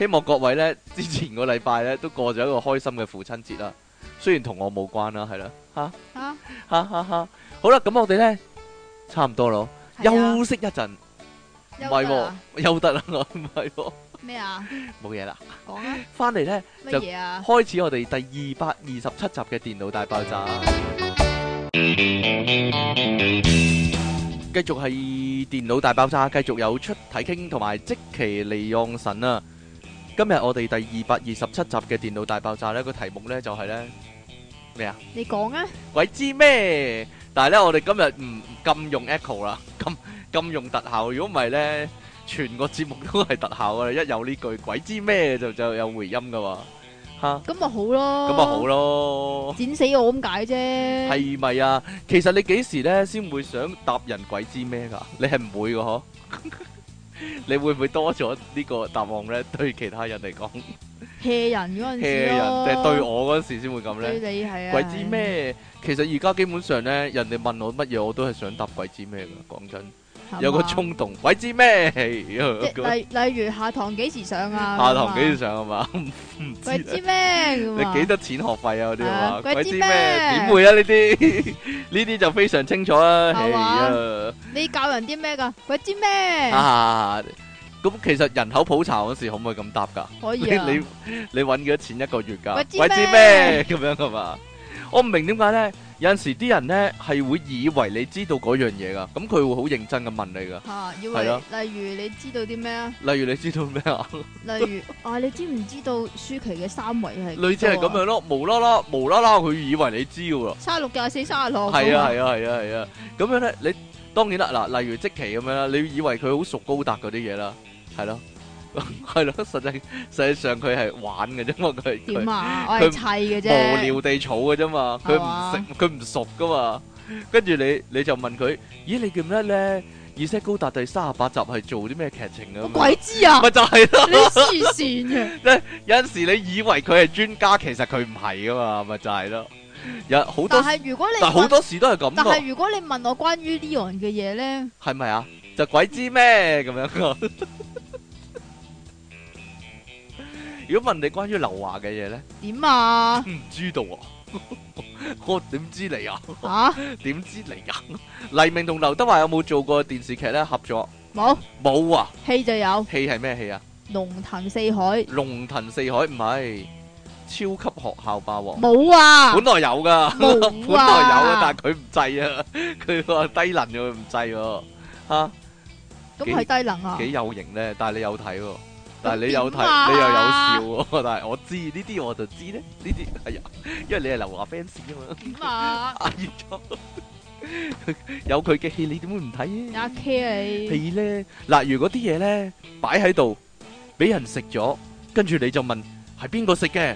A: 希望各位呢，之前個禮拜呢，都過咗一個開心嘅父親節啦。雖然同我冇關啦，係啦，嚇嚇哈哈哈，哈，哈。好啦，咁我哋呢，差唔多咯，啊，休息一陣，
B: 唔係喎，
A: 休得啦，我唔係喎，
B: 咩啊，冇嘢啦，講啦，oh？
A: 翻嚟呢就開始我哋第二百二十七集嘅電腦大爆炸， (music) 繼續係電腦大爆炸，繼續有出體 king 同埋積淇離岸神啊。今日我哋第二百二十七集嘅電腦大爆炸呢，個題目呢就係呢咩啊？
B: 你講啊！
A: 鬼知咩？但係呢，我哋今日唔禁用 Echo 啦，禁禁用特效。如果唔係呢，全個節目都係特效啊！一有呢句鬼知咩，就就有回音噶嘛吓。
B: 咁咪好咯。咁咪好
A: 咯。剪死
B: 我咁解啫。係
A: 咪啊？其實你幾時呢先會想答人鬼知咩噶？你係唔會噶呵。 (laughs) 你會唔會多咗呢個答案咧？對其他人嚟講，
B: 嚇人嗰陣時咯，定係 (laughs) 對我嗰陣時先會咁咧？鬼知咩？
A: 其實而家基本上咧，人哋問我乜嘢，我都係想答鬼知咩噶，講真。有個衝動，鬼知咩？例 (laughs)
B: 例如下堂幾時上啊？ (laughs) 下堂幾時
A: 上啊？嘛 (laughs) 不知道笑、啊？ (laughs) 鬼知
B: 咩嗎？你幾
A: 多錢學費啊？嗰啲係嘛？鬼知咩？點會啊？呢啲呢啲就非常清楚啊！
B: 你教人啲咩噶？鬼知咩？啊，
A: 咁其實人口普查嗰時可唔可以咁答噶？可 (laughs) 以你你搵幾多錢一個月噶？鬼知咩？咁 (laughs) 樣噶、啊、嘛？我唔明點解咧？有陣時啲人咧係會以為你知道嗰樣嘢噶，咁佢會好認真咁問你噶。嚇，以為
B: 例如你知道啲咩啊？
A: 例如你知道咩啊？例
B: 如啊，你知唔知道舒淇嘅三圍類似係咁
A: 樣咯，無啦啦，無啦啦，佢以為你知喎。
B: 卅六廿四卅六。係啊，係啊，係
A: 啊，係啊，咁樣咧，你當然啦，嗱，例如積淇咁樣啦，你以為佢好熟高達嗰啲嘢啦，係咯。係咯， (laughs) 實際實際上佢係玩嘅啫嘛，佢係點啊？樣他我係砌嘅啫，無聊地儲嘅啫嘛，佢唔識佢唔熟噶嘛。跟住你你就問佢，咦你咁叻咧？《Z 高達》第三十八集係做啲咩劇情啊？鬼知啊！咪就係咯，你黐綫嘅。咧有陣時你以為佢係專家，其實佢唔係噶嘛，咪就係咯。有好多但係
B: 如果你好多
A: 時都係咁。但係
B: 如果你問我關於呢樣嘅嘢咧，
A: 係咪 (laughs) 啊？就鬼知咩咁樣。 (laughs) (laughs) 如果問你關於劉華嘅嘢咧，
B: 點啊？
A: 唔知道啊， (laughs) 我點知你啊？吓、啊？點知你啊？黎明同劉德華有冇做過電視劇咧？合作？冇沒？冇啊？
B: 戲就有？
A: 戲係咩戲啊？
B: 龍騰四海？
A: 龍騰四海唔係？超級學校霸王？冇啊？啊本來有噶？啊、 (laughs) 本來有啊 (laughs) 啊，啊，但係佢唔制啊！佢話低能，佢唔制啊！吓？
B: 咁係低能啊？幾有
A: 型咧？但係你有睇？但係你有睇，你又有笑喎。但係我知呢啲，我就知咧。呢啲係呀，因為你係劉華 fans 啊嘛。阿月聰有佢嘅戲，你點會唔
B: 睇啊？阿 K 啊，你戲
A: 咧，嗱，如果啲嘢咧，擺喺度，俾人食咗，跟住，你就問係邊個食嘅？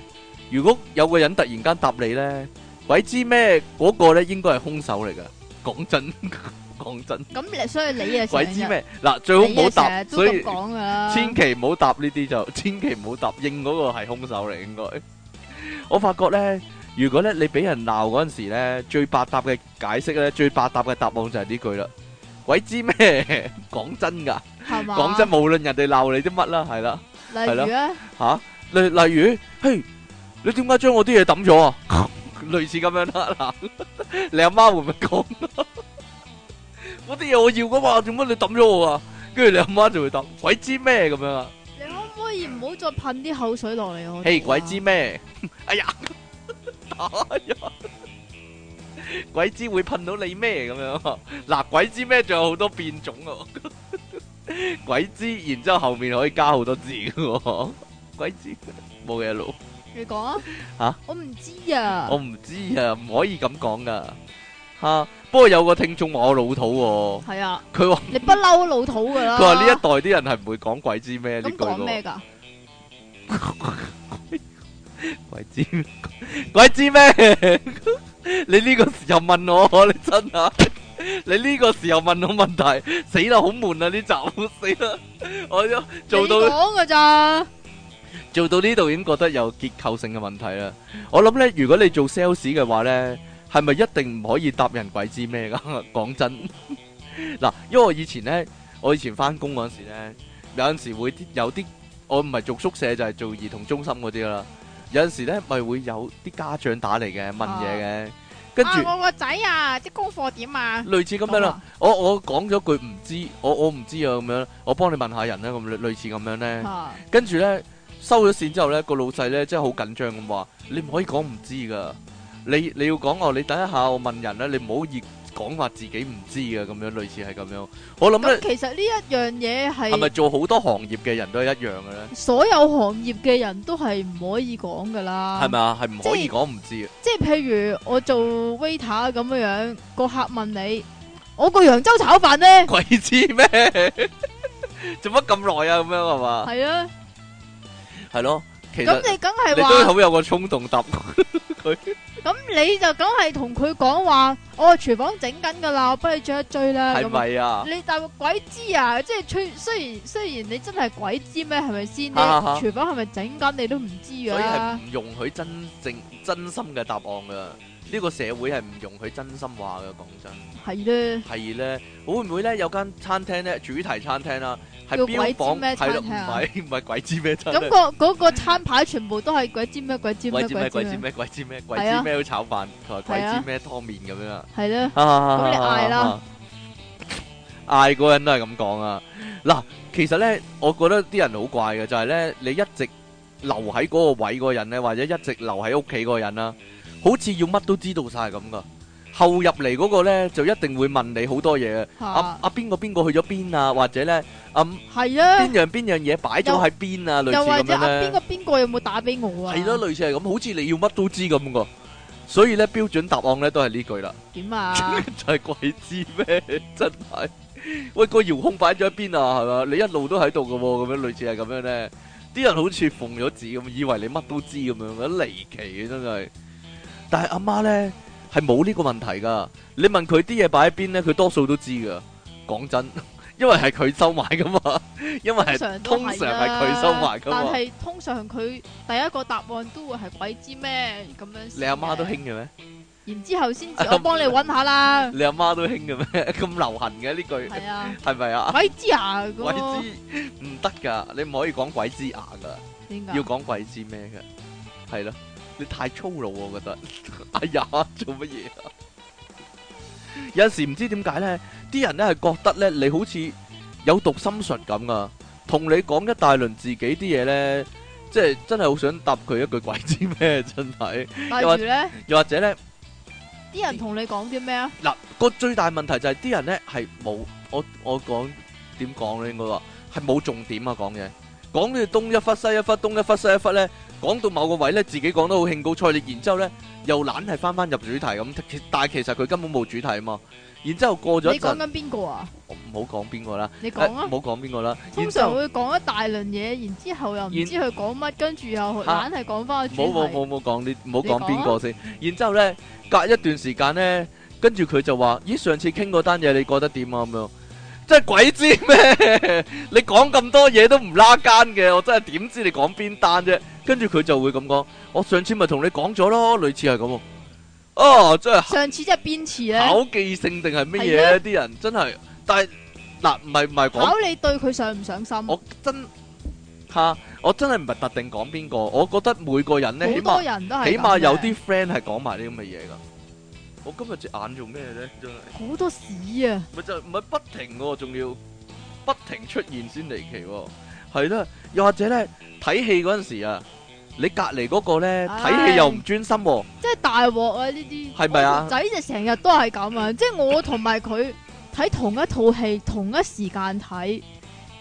A: 如果有個人突然間答你咧，鬼知咩嗰個咧，應該係凶手嚟㗎。講真，講真。
B: 咁，所以你啊鬼知咩？
A: 嗱，最好唔好答，所以千祈唔好答呢啲就，千祈唔好答應嗰個係凶手嚟應該。我發覺咧，如果咧你俾人鬧嗰陣時咧，最百搭嘅解釋咧，最百搭嘅答案就係呢句啦。鬼知咩？講真噶，講真，無論人哋鬧你啲乜啦，係啦，係咯，例如啊，吓例例如，嘿，你點解將我啲嘢抌咗啊？類似咁樣啦， (laughs) 你阿媽會唔會講？嗰啲嘢我要噶嘛？做乜你抌咗我啊？跟 (laughs) 住你阿媽就會抌， (laughs) 鬼知咩咁樣啊？你
B: 可唔可以唔好再噴啲口水落嚟我？
A: 嘿，鬼知咩、 (laughs) 哎呀？ (laughs) 哎呀， (laughs) 鬼知會噴到你咩咁樣？嗱， (laughs) 鬼知咩？仲有好多變種哦、啊。 (laughs) 鬼知，然之後後面可以加好多字嘅、啊。 (laughs) 鬼知，冇嘢咯。你講啊？吓，我唔知啊，我唔知啊，唔可以咁講噶吓。不過有個聽眾話我老土，係啊，佢話
B: 你不嬲老土噶啦。佢話呢一
A: 代啲人係唔會講鬼知咩呢句咯。你講咩
B: 噶？
A: 鬼知鬼知咩？你呢個時候問我，你真啊？你呢個時候問我問題，死啦，好悶啊！呢集好死啦，我要做到。你講噶咋？做到呢度已經覺得有結構性嘅問題啦。我諗咧，如果你做 sales 嘅話咧，係咪一定唔可以答人鬼知咩？咁講真嗱，因為我以前咧，我以前返工嗰陣時咧，有陣時會有啲我唔係做宿舍，就係做兒童中心嗰啲啦。有陣時咧，咪會有啲家長打嚟嘅問嘢嘅，跟住我
B: 個仔啊，啲功課點啊，類似咁樣啦。
A: 我我講咗句唔知，我我唔知啊，咁樣我幫你問下人咧，咁類似咁樣咧，跟住咧。收咗線之後咧，個老細咧真係好緊張咁話：你唔可以講唔知噶，你你要講哦，你等一下我問人咧，你唔好以講話自己唔知噶咁樣，類似係咁樣。我諗咧，其
B: 實呢一樣嘢係係咪
A: 做好多行業嘅人都係一樣嘅咧？
B: 所有行業嘅人都係唔可以講噶啦。係咪啊？
A: 係唔可以講唔知？即係
B: 譬如我做 waiter 咁樣樣，個客問你：我個揚州炒飯咧，
A: 鬼知咩？做乜咁耐啊？咁樣係嘛？係啊。係咯，咁你梗係話你都好有個衝動答案
B: 佢。咁你就梗係同佢講話，我廚房整緊噶啦，我幫你追一追啦。係咪啊？你但係鬼知啊，即係雖雖然雖然你真係鬼知咩，係咪先？你廚房係咪整緊你都唔知噶。所以係唔
A: 容許真正真心嘅答案噶。呢個社會係唔容許真心話嘅，講真。係咧，係咧，會唔會咧有間餐廳咧主題餐廳啦？係鬼知咩餐廳啊？唔係唔係鬼知咩？咁個
B: 嗰個餐牌，全部都係鬼知咩鬼知咩鬼知咩？鬼知咩
A: 鬼知咩鬼知咩？炒飯同埋鬼知咩湯麵咁樣。係咯，咁你嗌啦！嗌個人都係咁講啊！嗱，其實咧，我覺得啲人好怪嘅，就係咧，你一直留喺嗰個位嗰人咧，或者一直留喺屋企嗰人啦，好似要乜都知道晒咁噶。後入嚟嗰個咧就一定會問你好多嘢啊，阿阿邊個邊個去咗邊啊？或者咧啊，邊樣邊樣嘢擺咗喺邊啊？類似咁咧。又或者阿邊個
B: 邊個有冇打俾我啊？係咯，
A: 類似係咁，好似你要乜都知咁噶。所以咧標準答案咧都係呢句啦。點啊？就係鬼知咩？真係喂個遙控擺咗喺邊啊？係嘛？你一路都喺度噶喎，咁樣類似係咁樣咧。啲人好似奉咗旨咁，以為你乜都知咁樣，覺得離奇啊！真係。但係阿媽咧。係冇呢個問題噶，你問佢啲嘢擺喺邊咧，佢多數都知噶。講真，因為係佢收埋噶嘛，因為係通常係佢收埋噶。但係
B: 通常佢第一個答案都會係鬼知咩咁樣。你
A: 阿媽都興嘅咩？
B: 然之後先至我幫你揾下啦。 (laughs)
A: 你阿媽都興嘅咩？咁流行嘅呢 (laughs) 句係咪啊？ (laughs) 係係啊鬼
B: 知牙。鬼知，
A: 唔得噶，你唔可以講鬼知牙噶，點解要講鬼知咩嘅？係咯。你太粗魯，我覺得。哎呀，做乜嘢啊？有陣時唔知點解咧，啲人咧係覺得咧，你好似有讀心術咁噶。同你講一大輪自己啲嘢咧，即係真係好想答佢一句鬼知咩真係。但係咧，又或者咧，
B: 啲人同你講啲咩啊？
A: 嗱，個最大問題就係啲人咧係冇，我我講點講咧，應該話係冇重點啊講嘢，講到東一忽西一忽東一忽西一忽咧。講到某個位咧，自己講得好興高采烈，然之後咧又懶係翻翻入主題咁，但係其實佢根本冇主題啊嘛。然之後過咗一陣，你講
B: 緊邊個啊？
A: 我唔好講邊個啦，你講啊，唔好講邊個啦。通常會
B: 講一大輪嘢，然之後又唔知佢講乜，跟住又懶係講翻。冇冇
A: 冇冇講，你唔好講邊個先。然之後咧，隔一段時間咧，跟住佢就話：咦，上次傾嗰單嘢你覺得點啊？咁樣。即係鬼知咩？ (laughs) 你講咁多嘢都唔拉更嘅，我真係點知你講邊單啫？跟住佢就會咁講。我上次咪同你講咗咯，類似係咁、啊。哦，即係
B: 上次即係邊次咧？考
A: 記性定係乜嘢？啲人真係，但係嗱，唔係唔係講考
B: 你對佢上唔上心？我
A: 真吓、啊，我真係唔係特定講邊個，我覺得每個人咧，起碼起碼碼 有啲 friend 係講埋啲咁嘅嘢噶。我今日隻眼做咩咧？真係好多屎啊！咪就唔係不停、啊，仲要不停出現，先離奇、啊。係啦，又或者咧睇戲嗰陣時，唉啊，你隔離嗰個咧睇戲又唔專心，即
B: 係大鑊啊！呢啲
A: 係咪啊？仔
B: 就成日都係咁啊！ (laughs) 即係我同埋佢睇同一套戲，同一時間睇，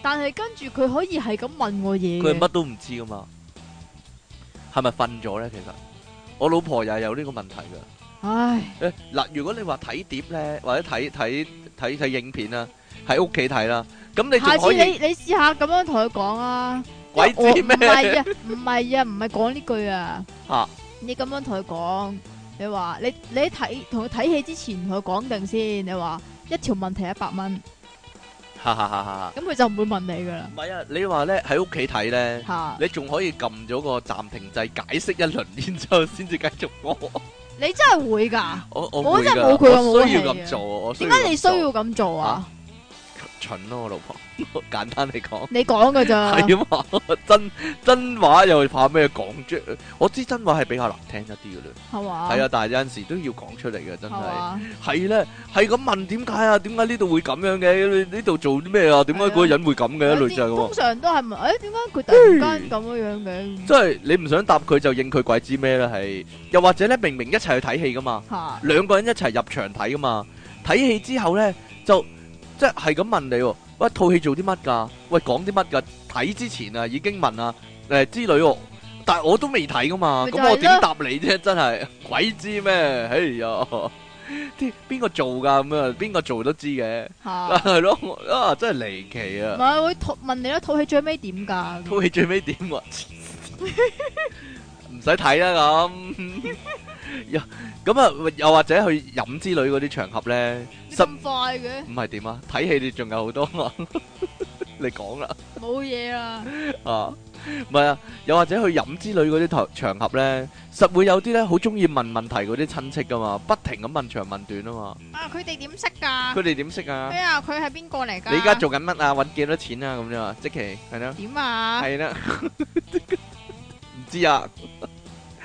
B: 但係跟住佢可以係咁問我嘢，佢乜
A: 都唔知噶嘛？係咪瞓咗咧？其實是是我老婆又係有呢個問題嘅。唉，嗱，如果你話睇碟咧，或者睇睇睇睇影片啊，喺屋企睇啦，咁你下次你你
B: 試下咁樣同佢講啊，
A: 鬼知咩？唔係啊，
B: 唔係啊，唔係講呢句啊，
A: 吓，
B: 你咁樣同佢講，你話你你睇同佢睇戲之前，同佢講定先，你話一條問題一百蚊，哈
A: 哈哈哈，咁佢就唔會問你噶啦。唔係啊，你話咧喺屋企睇咧，吓，你仲可以撳咗個暫停掣，解釋一輪，然之後先至繼續播。
B: 你真係會噶，我我真係冇佢咁好關係啊。點解你需要咁做啊？ (music)
A: 蠢咯，我老婆，簡單嚟講，你講噶咋？係嘛，真真話又怕咩講啫？我知真話係比較難聽一啲噶啦，係嘛？係啊，但係有陣時都要講出嚟嘅。真係係啦，係咁問，點解啊？點解呢度會咁樣嘅？呢度做啲咩啊？點解嗰個人會咁嘅啊？女仔通常
B: 都係問，誒，點解佢突然間咁樣嘅？
A: 即係你唔想答佢，就應佢鬼知咩咧？係又或者咧，明明一齊去睇戲噶嘛，兩個人一齊入場睇噶嘛，睇戲之後咧就。即係咁問你，喂，套戲做啲乜噶？喂，講啲乜噶？睇之前啊已經問啊誒、欸、之類，但係我都未睇噶嘛，咁我點答你啫？真係鬼知咩？哎呀，邊個做噶咁啊？邊個做都知嘅，係咯啊，真係離奇啊！
B: 唔係會問你咧？套戲最尾點噶？套戲最
A: 尾點？唔使睇啦咁。 (laughs) 又咁啊！又或者去飲之類嗰啲場合咧，咁
B: 快嘅，唔
A: 係點啊？睇戲你仲有好多，你講啦，
B: 冇嘢啦，
A: 啊，唔係啊！又或者去飲之類嗰啲台場合咧，實會有啲咧好中意問問題嗰啲親戚噶嘛，不停咁問長問短啊嘛，啊！
B: 佢哋點識噶？佢
A: 哋點識啊？係
B: 啊？佢係邊個嚟噶？你而家
A: 做緊乜啊？搵幾多錢啊？咁樣啊？即期係啦？點啊？係啦？唔知啊？啲親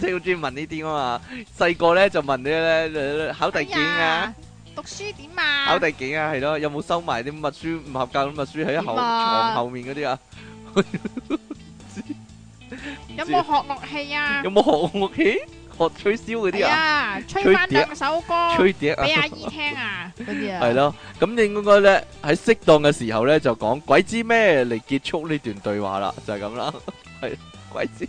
A: 戚好中意問呢啲啊嘛，細個咧就問你咧考第幾啊，
B: 讀書點啊，考第
A: 幾啊係咯，有冇收埋啲默書唔合格咁嘅書喺後床後面嗰啲啊，有冇
B: 學樂器啊，有
A: 冇學樂器，學吹簫嗰啲啊，吹翻兩首
B: 歌，吹笛俾阿姨聽啊嗰啲啊，係咯，
A: 咁你應該咧喺適當嘅時候咧就講鬼知咩嚟結束呢段對話啦，就係咁啦，係鬼知。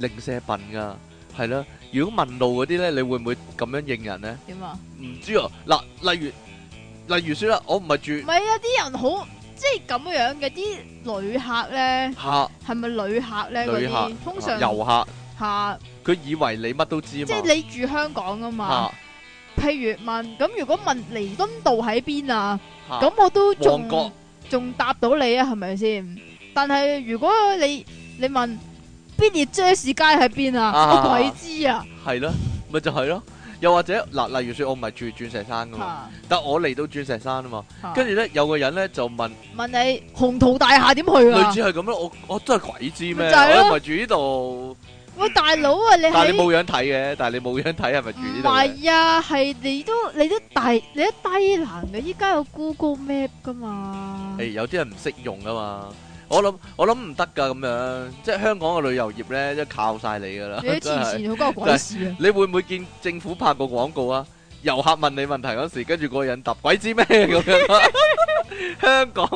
A: 零舍笨噶，係咯。如果問路嗰啲咧，你會唔會咁樣應人咧？點啊？唔知啊。嗱，例如，例如，說啦，我唔係住。唔
B: 係啊！啲人好即係咁樣嘅啲旅客咧，嚇係咪旅客咧？旅客通常遊客嚇。
A: 佢以為你乜都知。即係你
B: 住香港啊嘛。譬如問咁，如果問彌敦道喺邊啊？咁我都仲仲答到你啊，係咪先？但係如果你你問。邊啲爵士街喺邊啊？我鬼知啊！
A: 係咯、啊，咪就係、是、咯。又或者嗱，例如說，我唔係住鑽石山噶、啊、嘛，但我嚟到鑽石山啊嘛。跟住咧，有個人咧就問：
B: 問你鴻圖大廈點去啊？類似
A: 係咁咯，我我都係鬼知咩？就我唔係住呢度。
B: 喂，大佬啊，你但係你冇
A: 樣睇嘅，但係你冇樣睇係咪住呢度？唔
B: 係啊，係你都你都大你都低能嘅。依家有 Google Map 噶嘛？
A: 誒、欸，有啲人唔識用噶嘛？我諗我諗唔得噶咁樣，即係香港嘅旅遊業咧，靠前前都靠晒、啊、 (laughs) 你噶啦。你黐線，你會唔會見政府拍個廣告啊？遊客問你問題嗰時，跟住嗰人答鬼知咩咁樣 (laughs) (laughs) 香港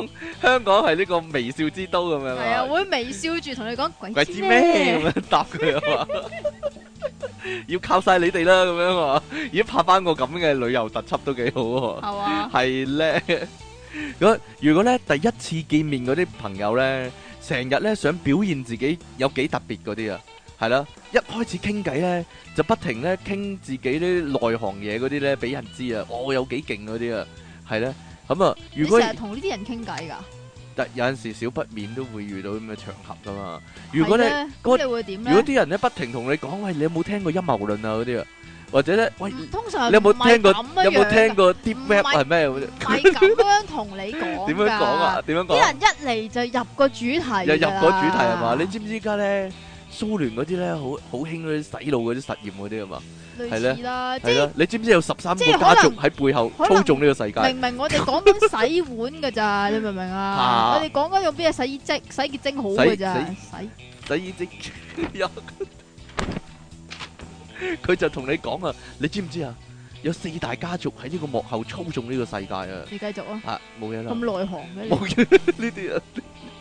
A: 香港係呢個微笑之都咁樣啊？係啊，
B: 會微笑住同你講鬼知咩咁 (laughs) 樣
A: 答佢啊嘛？ (laughs) 要靠晒你哋啦，咁樣，樣啊？而家拍翻個咁嘅旅遊特輯都幾好，係咧。如果咧第一次見面嗰啲朋友咧，成日咧想表現自己有幾特別嗰啲啊，係啦，一開始傾偈咧就不停咧傾自己啲內行嘢嗰啲咧俾人知啊，我、哦、有幾勁嗰啲啊，係咧，咁、嗯、啊，如果你成日
B: 同呢啲人傾偈噶，
A: 但有陣時少不免都會遇到咁嘅場合噶嘛。如果你會
B: 點樣，如果啲
A: 人咧不停同你講，喂，你有冇聽過陰謀論啊嗰啲啊？或者咧，喂，通
B: 常你有冇聽過？有冇聽過
A: 啲 rap 係咩？唔係
B: 咁樣同你講。點樣講啊？點樣講？啲人一嚟就入個主題。又入個主題係嘛？你
A: 知唔知而家咧蘇聯嗰啲咧好好興嗰啲洗腦嗰啲實驗嗰啲係嘛？係咧。係啦。係咯。你知唔知有十三個家族喺背後操縱呢個世界？明
B: 明我哋講緊洗碗㗎咋，你明唔明啊？我哋講緊用邊隻洗衣漬、洗潔精好㗎咋？洗
A: 洗衣漬。佢就同你講啊，你知唔知啊？有四大家族喺呢個幕後操縱呢個世界啊！你
B: 繼續啊！啊，冇嘢啦。咁內行咩？冇
A: 嘢，呢啲
B: 啊。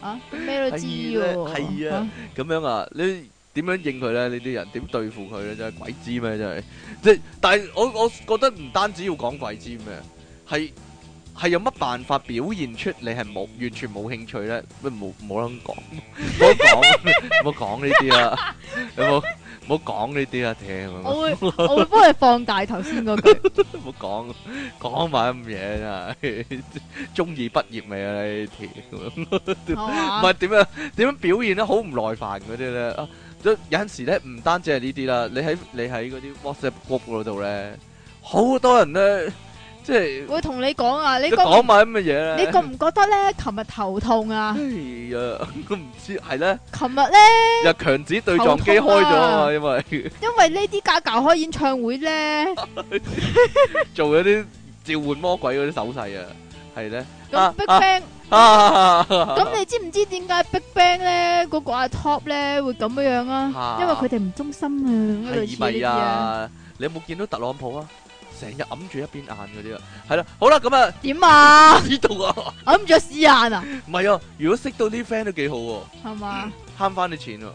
B: 啊，咩都知喎。係
A: 啊，咁樣啊，你點樣應佢咧？呢啲人點對付佢咧？真係鬼知咩？真係，即係，但係我我覺得唔單止要講鬼知咩，係係有乜辦法表現出你係冇完全冇興趣咧？唔冇冇諗講，冇講，冇講呢啲啦，有冇？唔好講呢啲啊，聽。我會 (laughs) 我會
B: 幫你放大頭先句。
A: 唔好講，講埋咁嘢真係，中二畢業未啊？聽、啊，唔係點樣？點樣表現得好唔耐煩嗰啲咧啊！有陣時咧，唔單止係呢啲啦，你喺你喺嗰啲 WhatsApp group 嗰度咧，好多人咧。即係會
B: 同你講啊，你講埋啲
A: 乜嘢？你覺唔
B: 覺得咧？琴日頭痛啊！哎
A: 呀，我唔知係咧。
B: 琴日咧，
A: 又強子對撞機開咗啊嘛，因為
B: 因為呢啲架構開演唱會咧，
A: 做咗啲召喚魔鬼嗰啲手勢啊，係咧。咁 BigBang，咁你知
B: 唔知點解 BigBang 咧嗰個阿 Top 咧會咁樣樣啊？因為佢哋唔忠心啊，喺度黐線啊！
A: 你有冇見到特朗普啊？成日揞住一邊眼嗰啲啊，係啦，好啦，咁啊，點啊呢度啊？揞住屎眼啊？唔係啊，如果識到啲 friend 都幾好喎，係嘛，慳翻啲錢喎，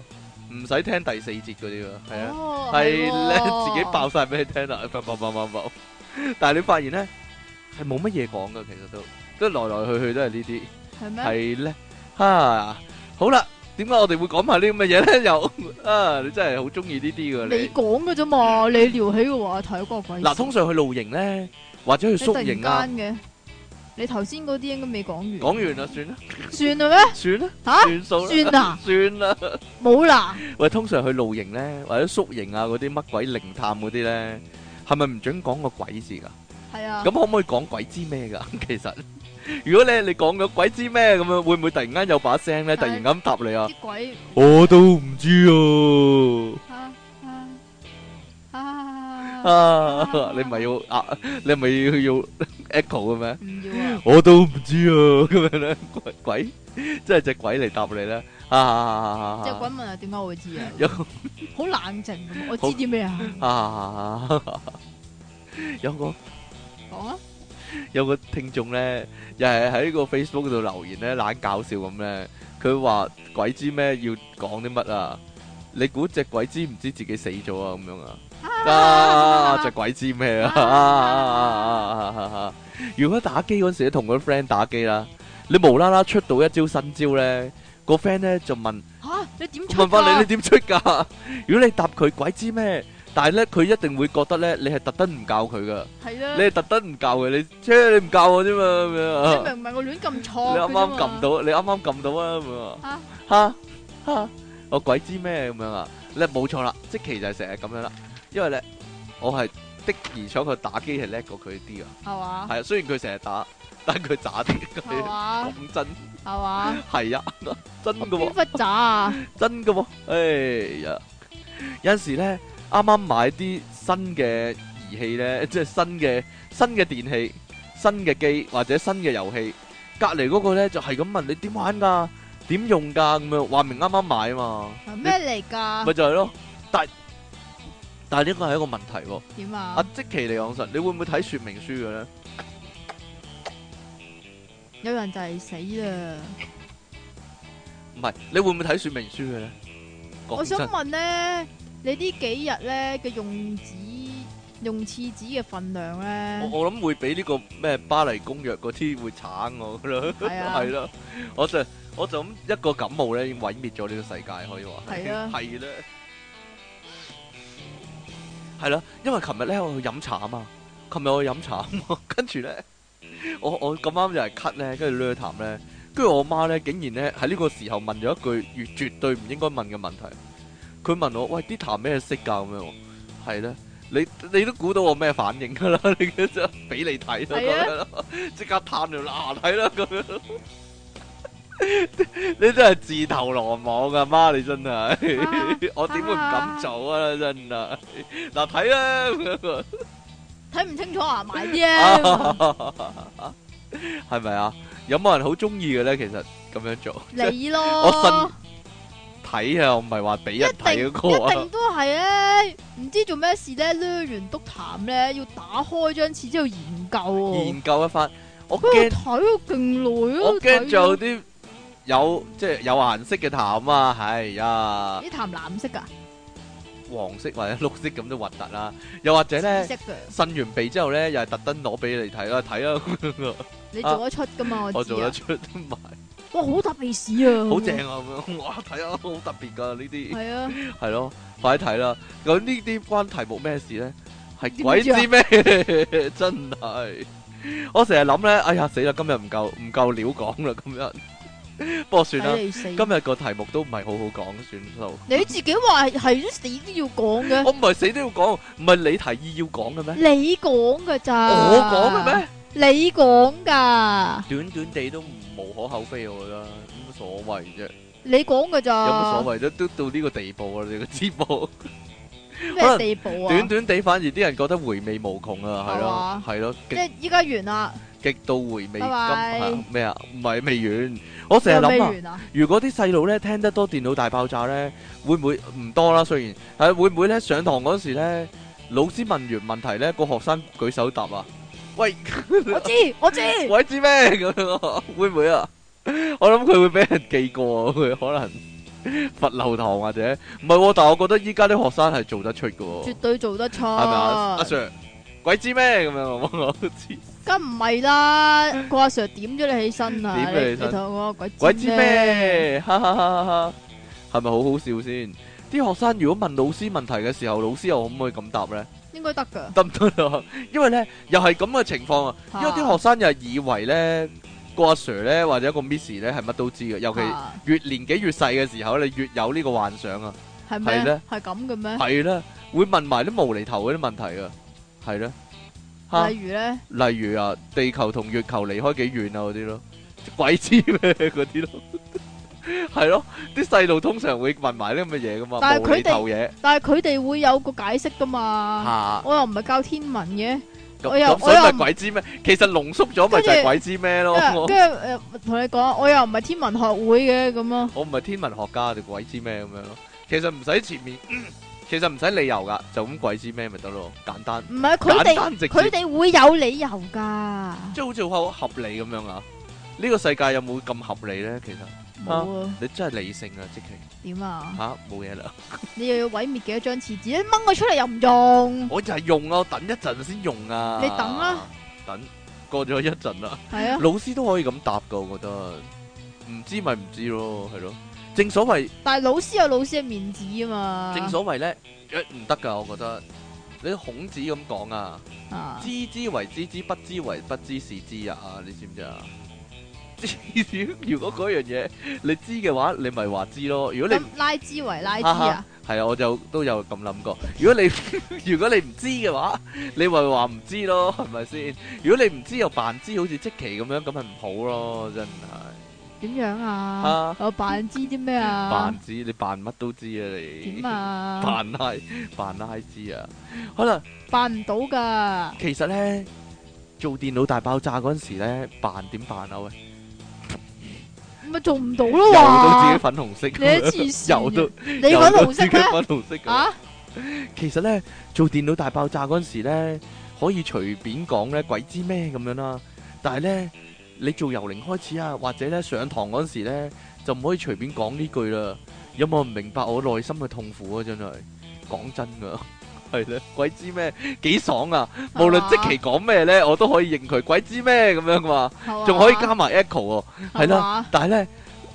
A: 唔使聽第四節嗰啲啊，係啊，係咧自己爆晒俾你聽啦，嘭嘭嘭嘭嘭，但係你發現咧係冇乜嘢講噶其實都都來來去去都係呢啲，係咩？係咧，吓，好啦。點解我哋會講下呢啲咁嘅嘢咧？又啊，你真係好中意呢啲噶。你
B: 講嘅啫嘛，你撩起個話題嗰個鬼。嗱，通常
A: 去露營咧，或者去宿營啊。
B: 你頭先嗰啲應該未講完。講完
A: 啊，算啦。算啦咩？算啦。吓？算啊？算啦。
B: 冇啦。
A: 喂，通常去露營咧，或者宿營啊，嗰啲乜鬼靈探嗰啲咧，係咪唔准講個鬼字噶？係啊。咁可唔可以講鬼知咩噶？其實？如果咧，你講咗鬼知咩咁樣，會唔會突然間有把聲咧？突然咁答你啊？我都唔知哦。啊啊啊啊！你咪要啊？你咪要要 echo 嘅咩？我都唔知啊。咁樣咧，鬼即係隻鬼嚟答你咧啊！
B: 隻鬼問啊，點解我會知
A: 啊？有個好冷靜，我知啲咩啊？啊有個講啊。有個聽眾咧，又係喺個 Facebook 度留言咧，懶搞笑咁咧，佢話鬼知咩要講啲乜啊？你估隻鬼知唔知自己死咗啊？咁樣啊？啊，隻鬼知咩啊？如果打機嗰時咧，同個 friend 打機啦，你無啦啦出到一招新招咧，個 friend 咧就問
B: 吓，你點問返？你你點出
A: 噶？如果你答佢鬼知咩？但係咧，佢一定會覺得咧，你係特登唔教佢噶，你係特登唔教嘅，你車你唔教我啫嘛，即係你明唔明？我
B: 亂撳錯，你啱啱撳到，
A: 你啱啱撳到啊！吓吓吓，我鬼知咩咁樣啊？你冇錯啦，即係就係成日咁樣啦，因為咧，我係的而且佢打機係叻過佢啲啊，係嘛？係啊，雖然佢成日打，但係佢渣啲，講真，
B: 係嘛？
A: 係呀，真嘅喎，真嘅喎，哎呀，有陣時咧。啱啱買啲新嘅儀器咧，即係新嘅新嘅電器、新嘅機或者新嘅遊戲，隔籬嗰個咧就係咁問你點玩噶、點用噶，咁樣話明啱啱買嘛。
B: 係咩嚟噶？咪
A: 就係咯，但但呢個係一個問題喎。點啊？阿積淇嚟講實，你會唔會睇說明書嘅咧？
B: 有人就係死啦！
A: 唔係，你會唔會睇說明書嘅咧？我想問
B: 咧。你呢幾日咧，嘅，用紙，用廁紙嘅份量咧？我諗
A: 會俾呢個咩巴黎公約嗰啲會慘我咯。係咯，我就我就咁一個感冒咧，毀滅咗呢個世界可以話係啦，係啦，係啦，因為琴日咧我去飲茶啊嘛，琴日我去飲茶啊嘛，跟住咧我我咁啱又係咳咧，跟住攞去痰咧，跟住我媽咧竟然咧喺呢個時候問咗一句，越絕對唔應該問嘅問題。佢問我：喂，啲痰咩色㗎？咁樣，係咧，你你都估到我咩反應㗎啦？你俾你睇咗，即刻探住嗱睇啦，咁樣，你真係自投羅網啊！媽，你真係，我點會唔敢做啊？真係嗱，睇啦，
B: 睇唔清楚啊？買嘢，
A: 係咪啊？有冇人好中意嘅咧？其實咁樣做，你咯，我信。睇啊！我唔係話俾人睇嗰個一定
B: 都係咧，唔 (laughs) 知做咩事咧，攞完督痰咧，要打開張紙之後研究、啊，研
A: 究一番。我驚睇、
B: 欸、我勁耐啊！我驚仲有啲
A: 有即係有顏、嗯、色嘅痰啊！係呀，
B: 啲痰藍色噶，
A: 黃色或者綠色咁都核突啦，又或者咧，擤完鼻之後咧，又係特登攞俾你睇咯、啊，睇咯。你做得出
B: 噶嘛？ (laughs) 啊、我做得
A: 出，賣。 (laughs)
B: (laughs) 哇，好特別屎啊！好正啊咁
A: 樣，哇睇啊，好特別噶呢啲。係啊，係咯，快睇啦！咁呢啲關題目咩事咧？係鬼知咩？真係，我成日諗咧，哎呀死啦，今日唔夠唔夠料講啦，今日。不過算啦，今日個題目都唔係好好講，算數。
B: 你自己話係係死都要
A: 講嘅。我唔係死都要講，唔係你提議要講嘅咩？你
B: 講噶咋？我講嘅咩？你講噶，
A: 短短地都無可厚非，我覺得，有乜所謂啫？
B: 你講噶咋？有乜所
A: 謂？都都到呢個地步啊！你個字步咩地
B: 步啊？短
A: 短地反而啲人覺得回味無窮啊，係咯，係咯。即係依家完啦，極度回味金啊咩啊？唔係未完，我成日諗啊。如果啲細路咧聽得多《電腦大爆炸》咧，會唔會唔多啦？雖然係會唔會咧上堂嗰時咧，老師問完問題咧，個學生舉手答啊？喂我，我知我知，鬼知咩，咁樣？會唔會啊？ (laughs) 我諗佢會俾人記過，佢可能罰留堂或者唔係、啊，但係我覺得依家啲學生係做得出嘅，絕
B: 對做得出，係咪阿 Sir，
A: 鬼知咩咁樣？我知，
B: 梗唔係啦，個阿 Sir 點咗你起身啊？點咗你起身 (laughs) 你鬼知咩？
A: 哈哈哈！係咪好好笑先？啲學生如果問老師問題嘅時候，老師又可唔可以咁答咧？應該得噶，得唔得咯？因為咧，又係咁嘅情況啊。因為啲學生又以為咧個阿 Sir 咧或者個 Miss 咧係乜都知嘅，尤其越年紀越細嘅時候，你越有呢個幻想啊。
B: 係咪？係咧？係咁嘅
A: 咩？係咧，會問埋啲無厘頭嗰啲問題啊。係咧，
B: 吓，例如咧，
A: 例如啊，地球同月球離開幾遠啊嗰啲咯，鬼知咩嗰啲咯。係咯，啲細路通常會問埋啲咁嘅嘢噶嘛，無厘頭嘢。
B: 但係佢哋會有個解釋噶嘛？我又唔係教天文嘅，
A: 我又我又鬼知咩？其實濃縮咗咪就係鬼知咩咯？跟住誒，
B: 同你講，我又唔係天文學會嘅咁樣咯。
A: 我唔係天文學家，定鬼知咩咁樣咯？其實唔使前面，其實唔使理由噶，就咁鬼知咩咪得咯，簡單。唔係佢哋，佢哋會有理
B: 由噶。
A: 即係好似好合理咁樣啊？呢個世界有冇咁合理咧？其實。冇啊，啊！你真係理性啊，積淇。
B: 點啊？吓、啊，冇嘢啦。你又要毀滅幾多張廁紙？掹佢出嚟又唔用。
A: 我就係用啊，我等一陣先用啊。你等啊，等過咗一陣啦。係啊。啊老師都可以咁答噶，我覺得。唔知咪唔知咯，係咯、啊。正所謂。
B: 但係老師有老師嘅面子啊嘛。正
A: 所謂咧，唔得噶，我覺得。你孔子咁講啊。啊知之為知之，不知為不知，是知啊！你知唔知啊？ (laughs) 如果嗰樣嘢你知嘅話，你咪話知咯。如果你
B: 拉知為拉知啊，
A: 係 (laughs) 啊，我就都有咁諗過 (laughs) 如。如果你如果你唔知嘅話，你咪話唔知 be 咯，係咪先？如果你唔知又扮知，好似積淇咁樣，咁咪唔好咯，真係。
B: 點樣啊？啊，我扮知啲咩啊？扮
A: 知你扮乜都知啊，你點啊 seriousness? (laughs) 扮拉扮拉知啊？可、啊、能
B: (laughs) 來扮唔到噶。
A: 其實咧，做電腦大爆炸嗰陣時咧，扮點扮啊？喂、嗯！
B: 咪做唔到咯喎！又到自己粉紅色，你一次油到，都你粉紅色咩？粉紅色啊！
A: 其實咧，做電腦大爆炸嗰陣時咧，可以隨便講咧，鬼知咩咁樣啦。但係咧，你做游靈開始啊，或者咧上堂嗰陣時咧，就唔可以隨便講呢句啦。有冇唔明白我內心嘅痛苦啊？真係講真噶、啊。係咧，鬼知咩？幾爽啊！ (laughs) 無論即期講咩咧，我都可以認佢。鬼知咩咁樣噶嘛？仲 (laughs) 可以加埋 echo 喎、啊，係 (laughs) 啦。 (laughs) 但係咧，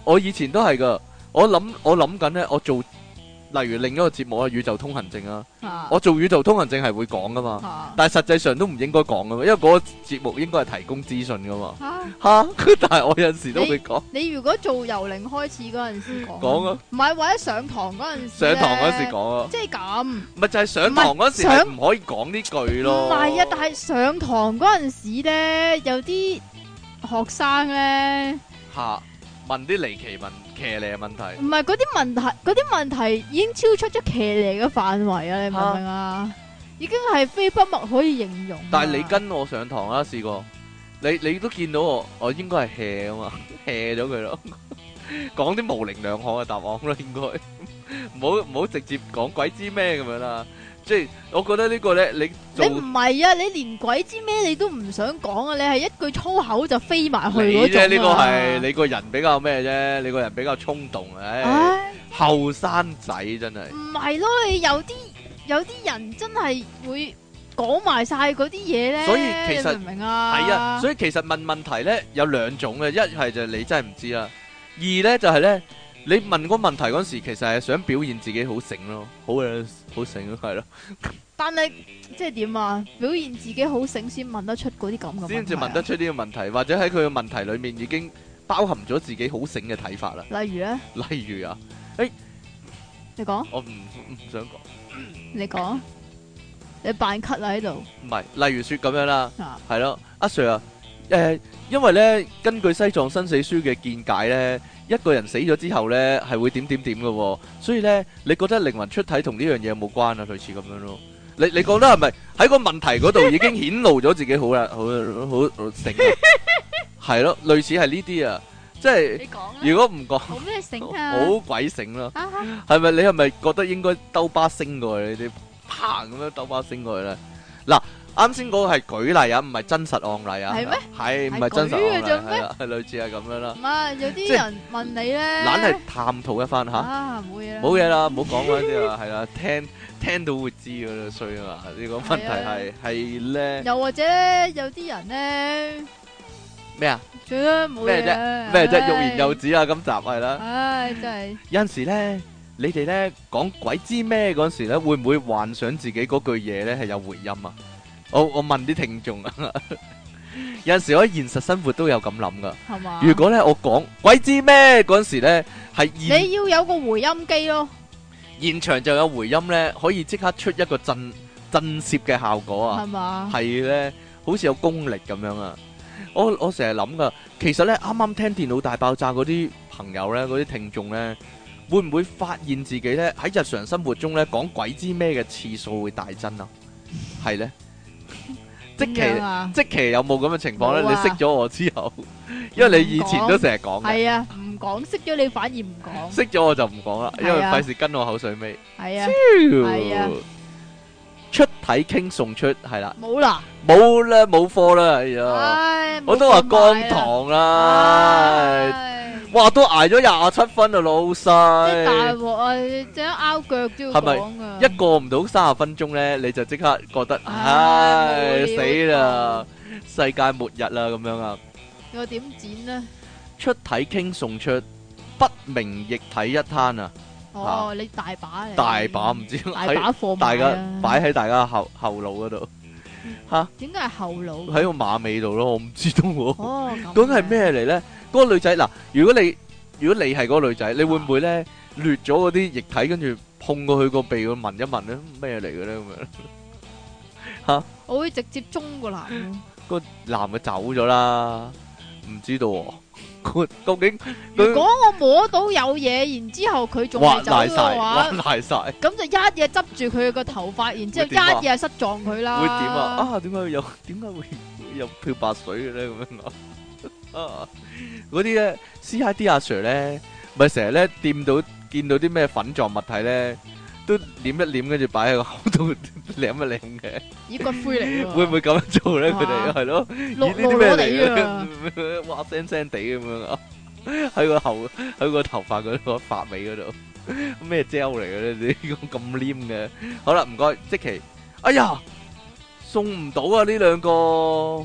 A: 我以前都係噶。我諗，我諗緊咧，我做。例如另一個節目啊，宇宙通行證啊，我做宇宙通行證係會講噶嘛，啊、但係實際上都唔應該講噶，因為嗰個節目應該係提供資訊噶嘛。啊啊、但係我有時都會講你。
B: 你如果做由零開始嗰陣時講。啊！唔係或者上堂嗰陣時。上堂嗰時講啊。即係咁。
A: 咪就係上堂嗰時係唔可以講呢句咯。唔係啊，
B: 但係上堂嗰陣時咧，有啲學生咧
A: 嚇問啲離奇問騎呢問題？
B: 唔係嗰啲問題，啲問題已經超出咗騎呢嘅範圍啊！你明唔明啊？已經係非筆墨可以形容。但係你
A: 跟我上堂啊，試過你你都見到我，我應該係 hea 嘛 hea 咗佢咯，講啲模稜兩可嘅答案咯，應該唔好唔好直接講鬼知咩咁樣啦。即係，我覺得個呢個咧，你你唔
B: 係啊！你連鬼知咩，你都唔想講啊！你係一句粗口就飛埋去嗰種、啊、呢、呢個係
A: 你個人比較咩啫？你個人比較衝動，啊。後生仔真係
B: 唔係咯？有啲有啲人真係會講埋晒嗰啲嘢咧。所以其實明啊？係啊，
A: 所以其實問問題咧，有兩種嘅，一係就你真係唔知啊，二咧就係、係、咧。你問個問題嗰時，其實係想表現自己好醒咯，好嘅，好醒咯，係咯。
B: 但係即係點啊？表現自己好醒先問得出嗰啲咁嘅。先至問得出
A: 呢個問題，或者喺佢嘅問題裏面已經包含咗自己好醒嘅睇法啦。例如咧？例如啊，誒，你
B: 講。我
A: 唔唔想講。
B: 你講。你扮咳啦喺度。唔
A: 係，例如說咁樣啦，係咯，阿 Sir 啊，誒，因為咧，根據《西藏生死書》嘅見解咧。一個人死咗之後咧，係會點點點噶，哦，所以咧，你覺得靈魂出體同呢樣嘢有冇關啊？類似咁樣咯，你你覺得係咪喺個問題嗰度已經顯露咗自己 (laughs) 好啦，好好醒啊，係咯， (laughs) 類似係呢啲啊，即係你講啦，如果唔講，好鬼醒啦，係咪 (laughs) 解 (laughs) (laughs) 你係咪覺得應該兜巴升過去你啲，啪咁樣兜巴升過去啦？嗱。啱先嗰個係舉例啊，唔係真實案例啊。係咩？係唔係真實案例？係類似係咁樣啦。唔係，有啲人
B: 問你咧，懶係
A: 探討一番吓。啊，
B: 冇嘢啦，冇嘢啦，唔好講嗰啲啦，
A: 係啦，聽聽到會知㗎衰啊嘛。呢個問題係係咧。又
B: 或者咧，有啲人咧咩啊？最多冇嘢啫。咩啫？欲言又止
A: 啊！今集係啦。
B: 唉，真
A: 係。有時咧，你哋咧講鬼知咩嗰時咧，會唔會幻想自己嗰句嘢咧係有回音啊？我我問啲聽眾啊，有陣時我喺現實生活都有咁諗噶。係嘛？如果咧我講鬼知咩嗰陣時咧，係你
B: 要有個回音機咯。
A: 現場就有回音咧，可以即刻出一個震震懾嘅效果啊。係嘛？係咧，好似有功力咁樣啊！我我成日諗噶，其實咧啱啱聽電腦大爆炸嗰啲朋友咧，嗰啲聽眾咧，會唔會發現自己咧喺日常生活中咧講鬼知咩嘅次數會大增啊？係咧？即期、啊、即期有冇咁嘅情況呢？啊、你識咗我之後，因為你以前都成日講，係啊，
B: 唔講識咗你反而唔講，
A: 識咗我就唔講啦，因為費事跟我口水尾，係啊，嘯啊出體傾送出係、啊、啦，冇啦，冇啦，冇貨啦，哎呀，唉我都話乾堂啦。唉哇！都挨咗廿七分啊，老細！即係大
B: 鑊啊！即係拗腳都要講啊！
A: 一個唔到三十分鐘咧，你就即刻覺得唉死啦！世界末日啦咁樣啊！
B: 又點剪呢？
A: 出體傾送出，不明液體一攤啊！
B: 哦，你大把嚟，大
A: 把唔知大把貨，大家擺喺大家後後腦嗰度吓？
B: 點解係後腦？喺個
A: 馬尾度咯，我唔知道。哦，究竟係咩嚟咧？嗰個女仔嗱，如果你如果你係嗰個女仔，你會唔會咧掠咗嗰啲液體，跟住碰過佢個鼻，去聞一聞咧咩嘢嚟嘅咧咁樣吓？
B: 我會直接衝個男嘅。
A: 個男嘅走咗啦，唔知道。佢究竟如果
B: 我摸到有嘢，然之後佢仲係走嘅話，搵大晒。咁就一嘢執住佢個頭髮，然之後一嘢失撞佢啦。會點啊？啊，
A: 點解有？點解會有漂白水嘅咧？咁樣啊？啊！嗰啲咧 CID 啲阿 sir 咧，咪成日咧掂到見到啲咩粉狀物體咧，都黏一黏跟住擺喺個口度，舐一舐嘅？咦，骨灰嚟㗎？會唔會咁樣做咧？佢哋係咯，攞啲乜嘢啊？哇聲聲地咁樣啊！喺個頭喺個頭髮嗰個髮尾嗰度咩膠嚟嘅咧？點解咁黏嘅？好啦，唔該，即其，哎呀，送唔到啊！呢兩個。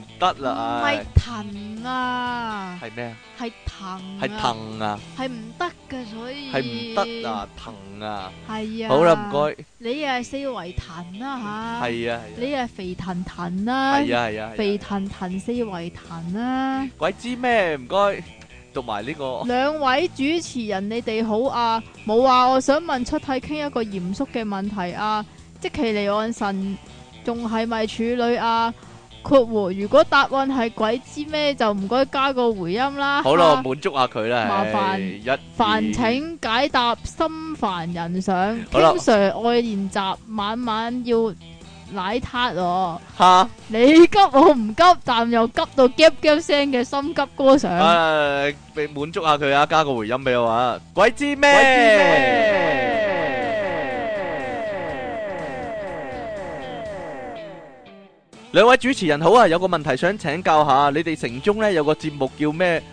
A: 得啦，唔係
B: 疼啊，係咩啊？係疼，係疼啊，係唔得嘅，所以係唔得啊，
A: 疼啊，係啊，好啦，唔該，
B: 你又係四圍疼啦吓，係啊，你又係肥騰騰啦，係啊係啊，肥騰騰、啊啊啊啊啊、四圍疼啦，
A: 鬼知咩？唔該，讀埋呢個，
B: 兩位主持人你哋好啊，冇啊，我想問出體傾一個嚴肅嘅問題啊，積淇離岸神仲係咪處女啊？括弧，如果答案係鬼知咩，就唔該加個回音啦。好啦，滿
A: 足下佢啦。麻煩一煩請
B: 解答心煩人想，經常愛練習，晚晚要奶撻我。吓，你急我唔急，但又急到 gap gap 聲嘅心急歌想。誒，
A: 你滿足下佢啊，加個回音俾我啊。鬼知咩？兩位主持人好啊！有個問題想請教下，你哋城中呢有個節目叫咩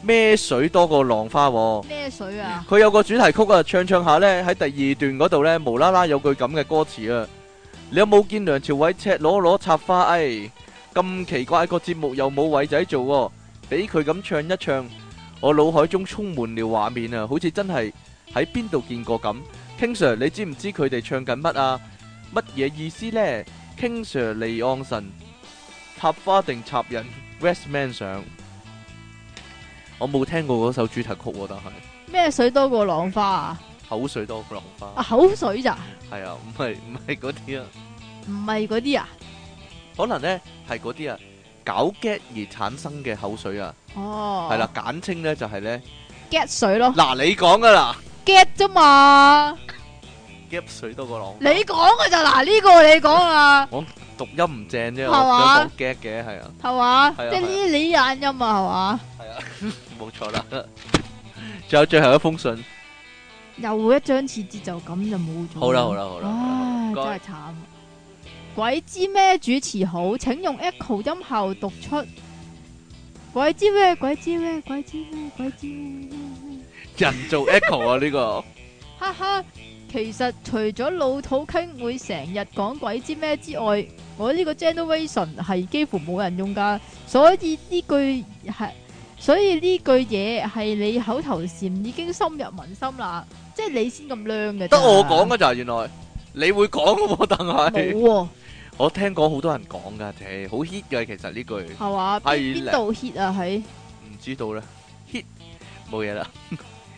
A: 咩水多過浪花喎，咩水啊？佢有個主題曲啊，唱唱下呢，喺第二段嗰度呢，無啦啦有句咁嘅歌詞啊！你有冇見梁朝偉赤裸裸插花？哎，咁奇怪個節目又冇偉仔做，俾佢咁唱一唱，我腦海中充滿了畫面啊，好似真係喺邊度見過咁。King Sir，你知唔知佢哋唱緊乜啊？乜嘢意思呢？King Sir 離岸神，插花定插人 Westman 上，我冇聽過嗰首主題曲，但係
B: 咩水多過浪花
A: 啊？口水多過浪花啊！
B: 口水咋？
A: 係啊，唔係唔係嗰啲啊？
B: 唔係嗰啲啊？
A: 可能咧係嗰啲啊搞 get 而產生嘅口水啊！哦，係啦，簡稱咧就係咧
B: get 水咯。嗱，你講噶啦，get 啫嘛？
A: 夾水多過浪，你
B: 講嘅就嗱，呢個你講啊，
A: 我讀音唔正啫，係嘛，夾嘅係啊，係嘛，即係
B: 呢啲懶音啊，係嘛，係啊，
A: 冇錯啦。仲有最後一封信，
B: 又一張似折就咁就冇咗，好啦好啦好啦，啊真係慘。鬼知咩主持好，請用 echo 音效讀出鬼知咩鬼知咩鬼知咩鬼知咩，
A: 人做 echo 啊呢個，哈哈。
B: 其實除咗老土傾會成日講鬼知咩之外，我呢個 generation 係幾乎冇人用噶，所以呢句係，所以呢句嘢係你口頭禪已經深入民心啦，即係你先咁靚嘅，得我講噶
A: 就係原來你會講，但係冇，哦、 (laughs) 我聽講好多人講噶，誒好 hit 嘅其實呢句係嘛，邊度
B: hit 啊喺？
A: 唔知道啦，hit 冇嘢啦。 (laughs)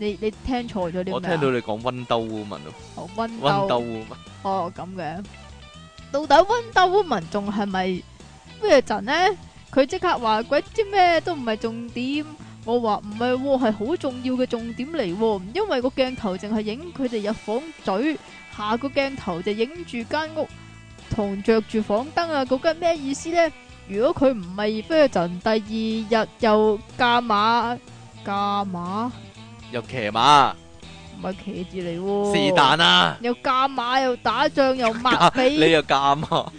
B: 你你聽錯咗啲咩？我聽到
A: 你講 Wonder Woman 哦，Wonder Woman
B: 哦咁嘅，到底 Wonder Woman 仲係咪 Version 呢？佢即刻話鬼知咩都唔係重點，我話唔係喎，係好重要嘅重點嚟，因為個鏡頭淨係影佢哋入房嘴，下個鏡頭就影住間屋同着住房燈啊，嗰間咩意思呢？如果佢唔係 Version，第二日又加碼加碼。
A: 又騎馬，唔係騎住你喎。是但啊！又
B: 駕馬又打仗又抹飛， (laughs) 你又駕駕馬，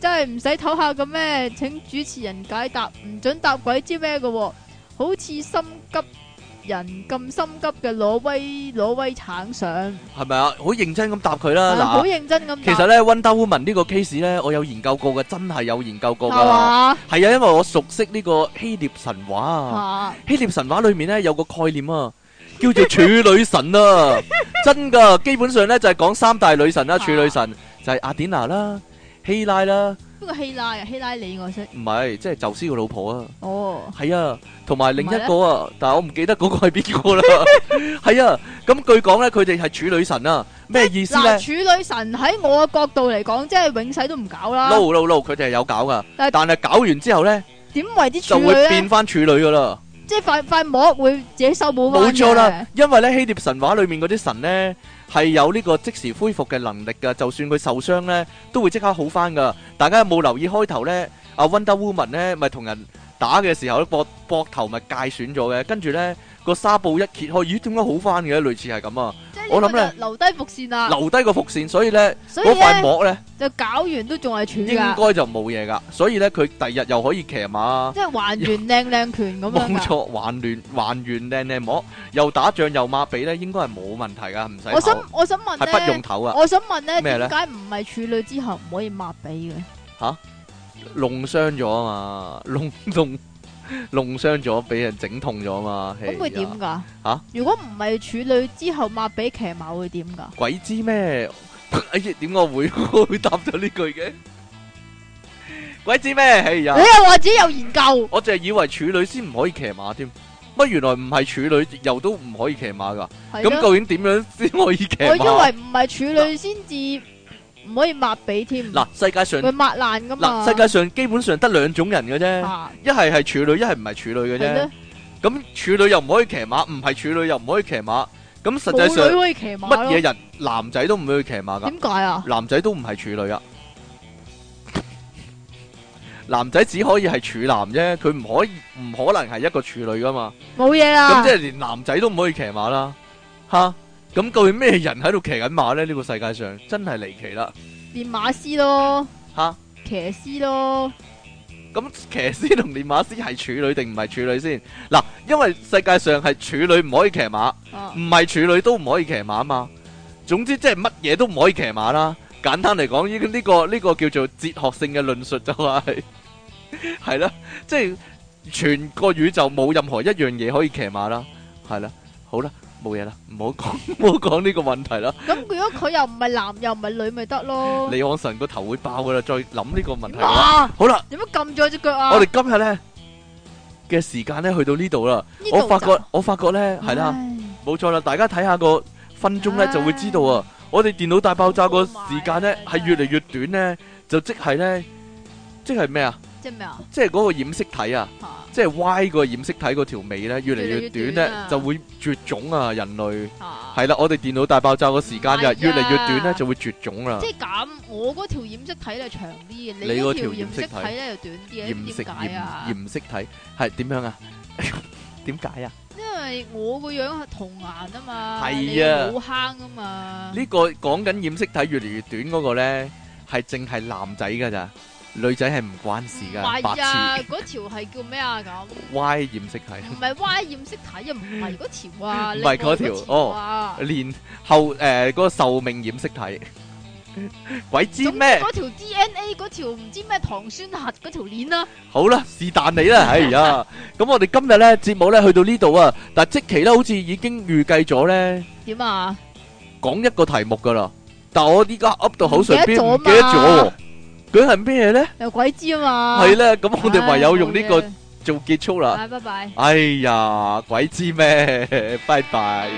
B: (laughs) (laughs) 真係唔使唞下嘅咩？請主持人解答，唔准答鬼知咩嘅、哦，好似心急。人咁心急嘅，攞威攞威，威橙相，
A: 係咪啊？好認真咁答佢啦，好、嗯、認
B: 真咁。其實咧
A: Wonder Woman 呢個 case 咧，我有研究過嘅，真係有研究過噶。係啊吧，因為我熟悉呢個希臘神話啊。吧希臘神話裏面咧有個概念啊，叫做處女神啊， (laughs) 真噶。基本上咧就係、是、講三大女神啦、啊，吧處女神就係、是、阿典娜啦，希拉啦。
B: 不過希拉？希拉
A: 里我識，唔係，即係宙斯個老婆啊。哦，係啊，同埋另一個啊，但係我唔記得嗰個係邊個啦。係啊，咁據講咧，佢哋係處女神啊，咩意思咧？處
B: 女神喺我嘅角度嚟講，即係永世都唔搞啦。no
A: no no，佢哋係有搞噶，但係搞完之後咧，
B: 點為啲處女咧？就會變
A: 翻處女噶啦。
B: 即係塊塊膜會自己修補翻。冇錯啦，
A: 因為咧希臘神話裏面嗰啲神咧。係有呢個即時恢復嘅能力㗎，就算佢受傷咧，都會即刻好返㗎。大家有冇留意開頭咧，阿 Wonder Woman 咧咪同人打嘅時候咧，膊膊頭咪介損咗嘅，跟住咧個紗布一揭開，咦？點解好翻嘅？類似係咁啊！即係我諗咧
B: 留低伏線啊。留
A: 低個伏線，所以咧嗰塊膜咧
B: 就搞完都仲係處理。應該
A: 就冇嘢噶，所以咧佢第日又可以騎馬，即係
B: 還原靚靚拳咁。冇
A: 錯，還原還原靚靚膜，又打仗又抹鼻咧，應該係冇問題噶，唔使。我想我想問係不用頭啊？我想
B: 問咧，點解唔係處女之後唔可以抹鼻嘅？
A: 吓、啊？弄傷咗啊嘛，弄弄弄傷咗，俾人整痛咗啊嘛。咁會點噶？吓、啊，
B: 如果唔係處女之後抹俾騎馬會點噶？
A: 鬼知咩？點我會會答咗呢句嘅？鬼知咩？哎呀，你又話自己有研究？我淨係以為處女先唔可以騎馬添，乜原來唔係處女又都唔可以騎馬噶？咁究竟點樣先可以騎馬？我以為唔
B: 係處女先至。啊唔可以抹鼻添。
A: 嗱、啊，世界上佢抹
B: 爛噶嘛。嗱、啊，世界
A: 上基本上得兩種人嘅啫。一係係處女，一係唔係處女嘅啫。咁呢處女又唔可以騎馬，唔係處女又唔可以騎馬。咁實際上乜嘢人男仔都唔會去騎馬噶。點解啊？男仔都唔係處女啊。 (laughs) 男仔只可以係處男啫，佢唔可以唔可能係一個處女噶嘛。冇嘢啊。咁即係連男仔都唔可以騎馬啦，吓。咁究竟咩人喺度騎緊馬呢？呢、呢個世界上真係離奇啦！
B: 練馬師咯，吓哈，騎師咯。
A: 咁騎師同練馬師係處女定唔係處女先？嗱，因為世界上係處女唔可以騎馬，唔係處女都唔可以騎馬嘛。總之即係乜嘢都唔可以騎馬啦。簡單嚟講，呢、呢、呢個呢、呢個叫做哲學性嘅論述就係係 (laughs) (laughs) 啦，即、就、係、係、全個宇宙冇任何一樣嘢可以騎馬啦。係啦，好啦。冇嘢啦，唔好講，唔好講呢個問題啦。
B: 咁如果佢又唔係男又唔係女，咪得咯？離
A: 岸神個頭會爆噶啦，再諗呢個問題。啊！好啦了，
B: 有冇撳咗隻腳啊？我哋
A: 今日咧嘅時間咧去到呢度啦。這裡 我發覺就我發覺咧係啦，冇錯 (laughs) 啦。大家睇下個分鐘咧就會知道啊。 (laughs) 我哋電腦大爆炸個時間咧係越嚟越短咧，就即係咧，即係咩啊？即係咩啊？即係嗰個染色體啊，啊即係 Y 個染色體嗰條尾咧越嚟越短咧，越越短啊、就會絕種啊！人類係啦、啊，我哋電腦大爆炸個時間又、啊、越嚟越短咧，就會絕種啦、啊。即係
B: 咁，我嗰條染色體咧長啲嘅，你嗰條染色體咧就短啲。染色染染
A: 色體係點樣啊？點 (laughs) 解啊？因
B: 為我個樣係童顏啊嘛，啊，冇坑啊嘛。呢
A: 個講緊染色體越嚟越短嗰個咧，係淨係男仔噶咋。女仔係唔關事噶，係啊。
B: 嗰條係叫咩啊？
A: 咁 Y 染色體，
B: 唔係 Y 染色體啊，唔係嗰條啊，唔係嗰條哦，
A: 連後誒嗰個壽命染色體，鬼知咩？嗰條
B: DNA 嗰條唔知咩糖酸核嗰條鏈啊。
A: 好啦，是但你啦，哎呀，咁我哋今日咧節目咧去到呢度啊，但即期咧好似已經預計咗咧，點啊？講一個題目噶啦，但係我依家噏到口上邊唔記得咗。佢係咩咧？
B: 有鬼知啊嘛！係咧，咁我哋唯有用呢個
A: 做結束啦。拜拜。哎呀，鬼知咩？ (laughs) 拜拜。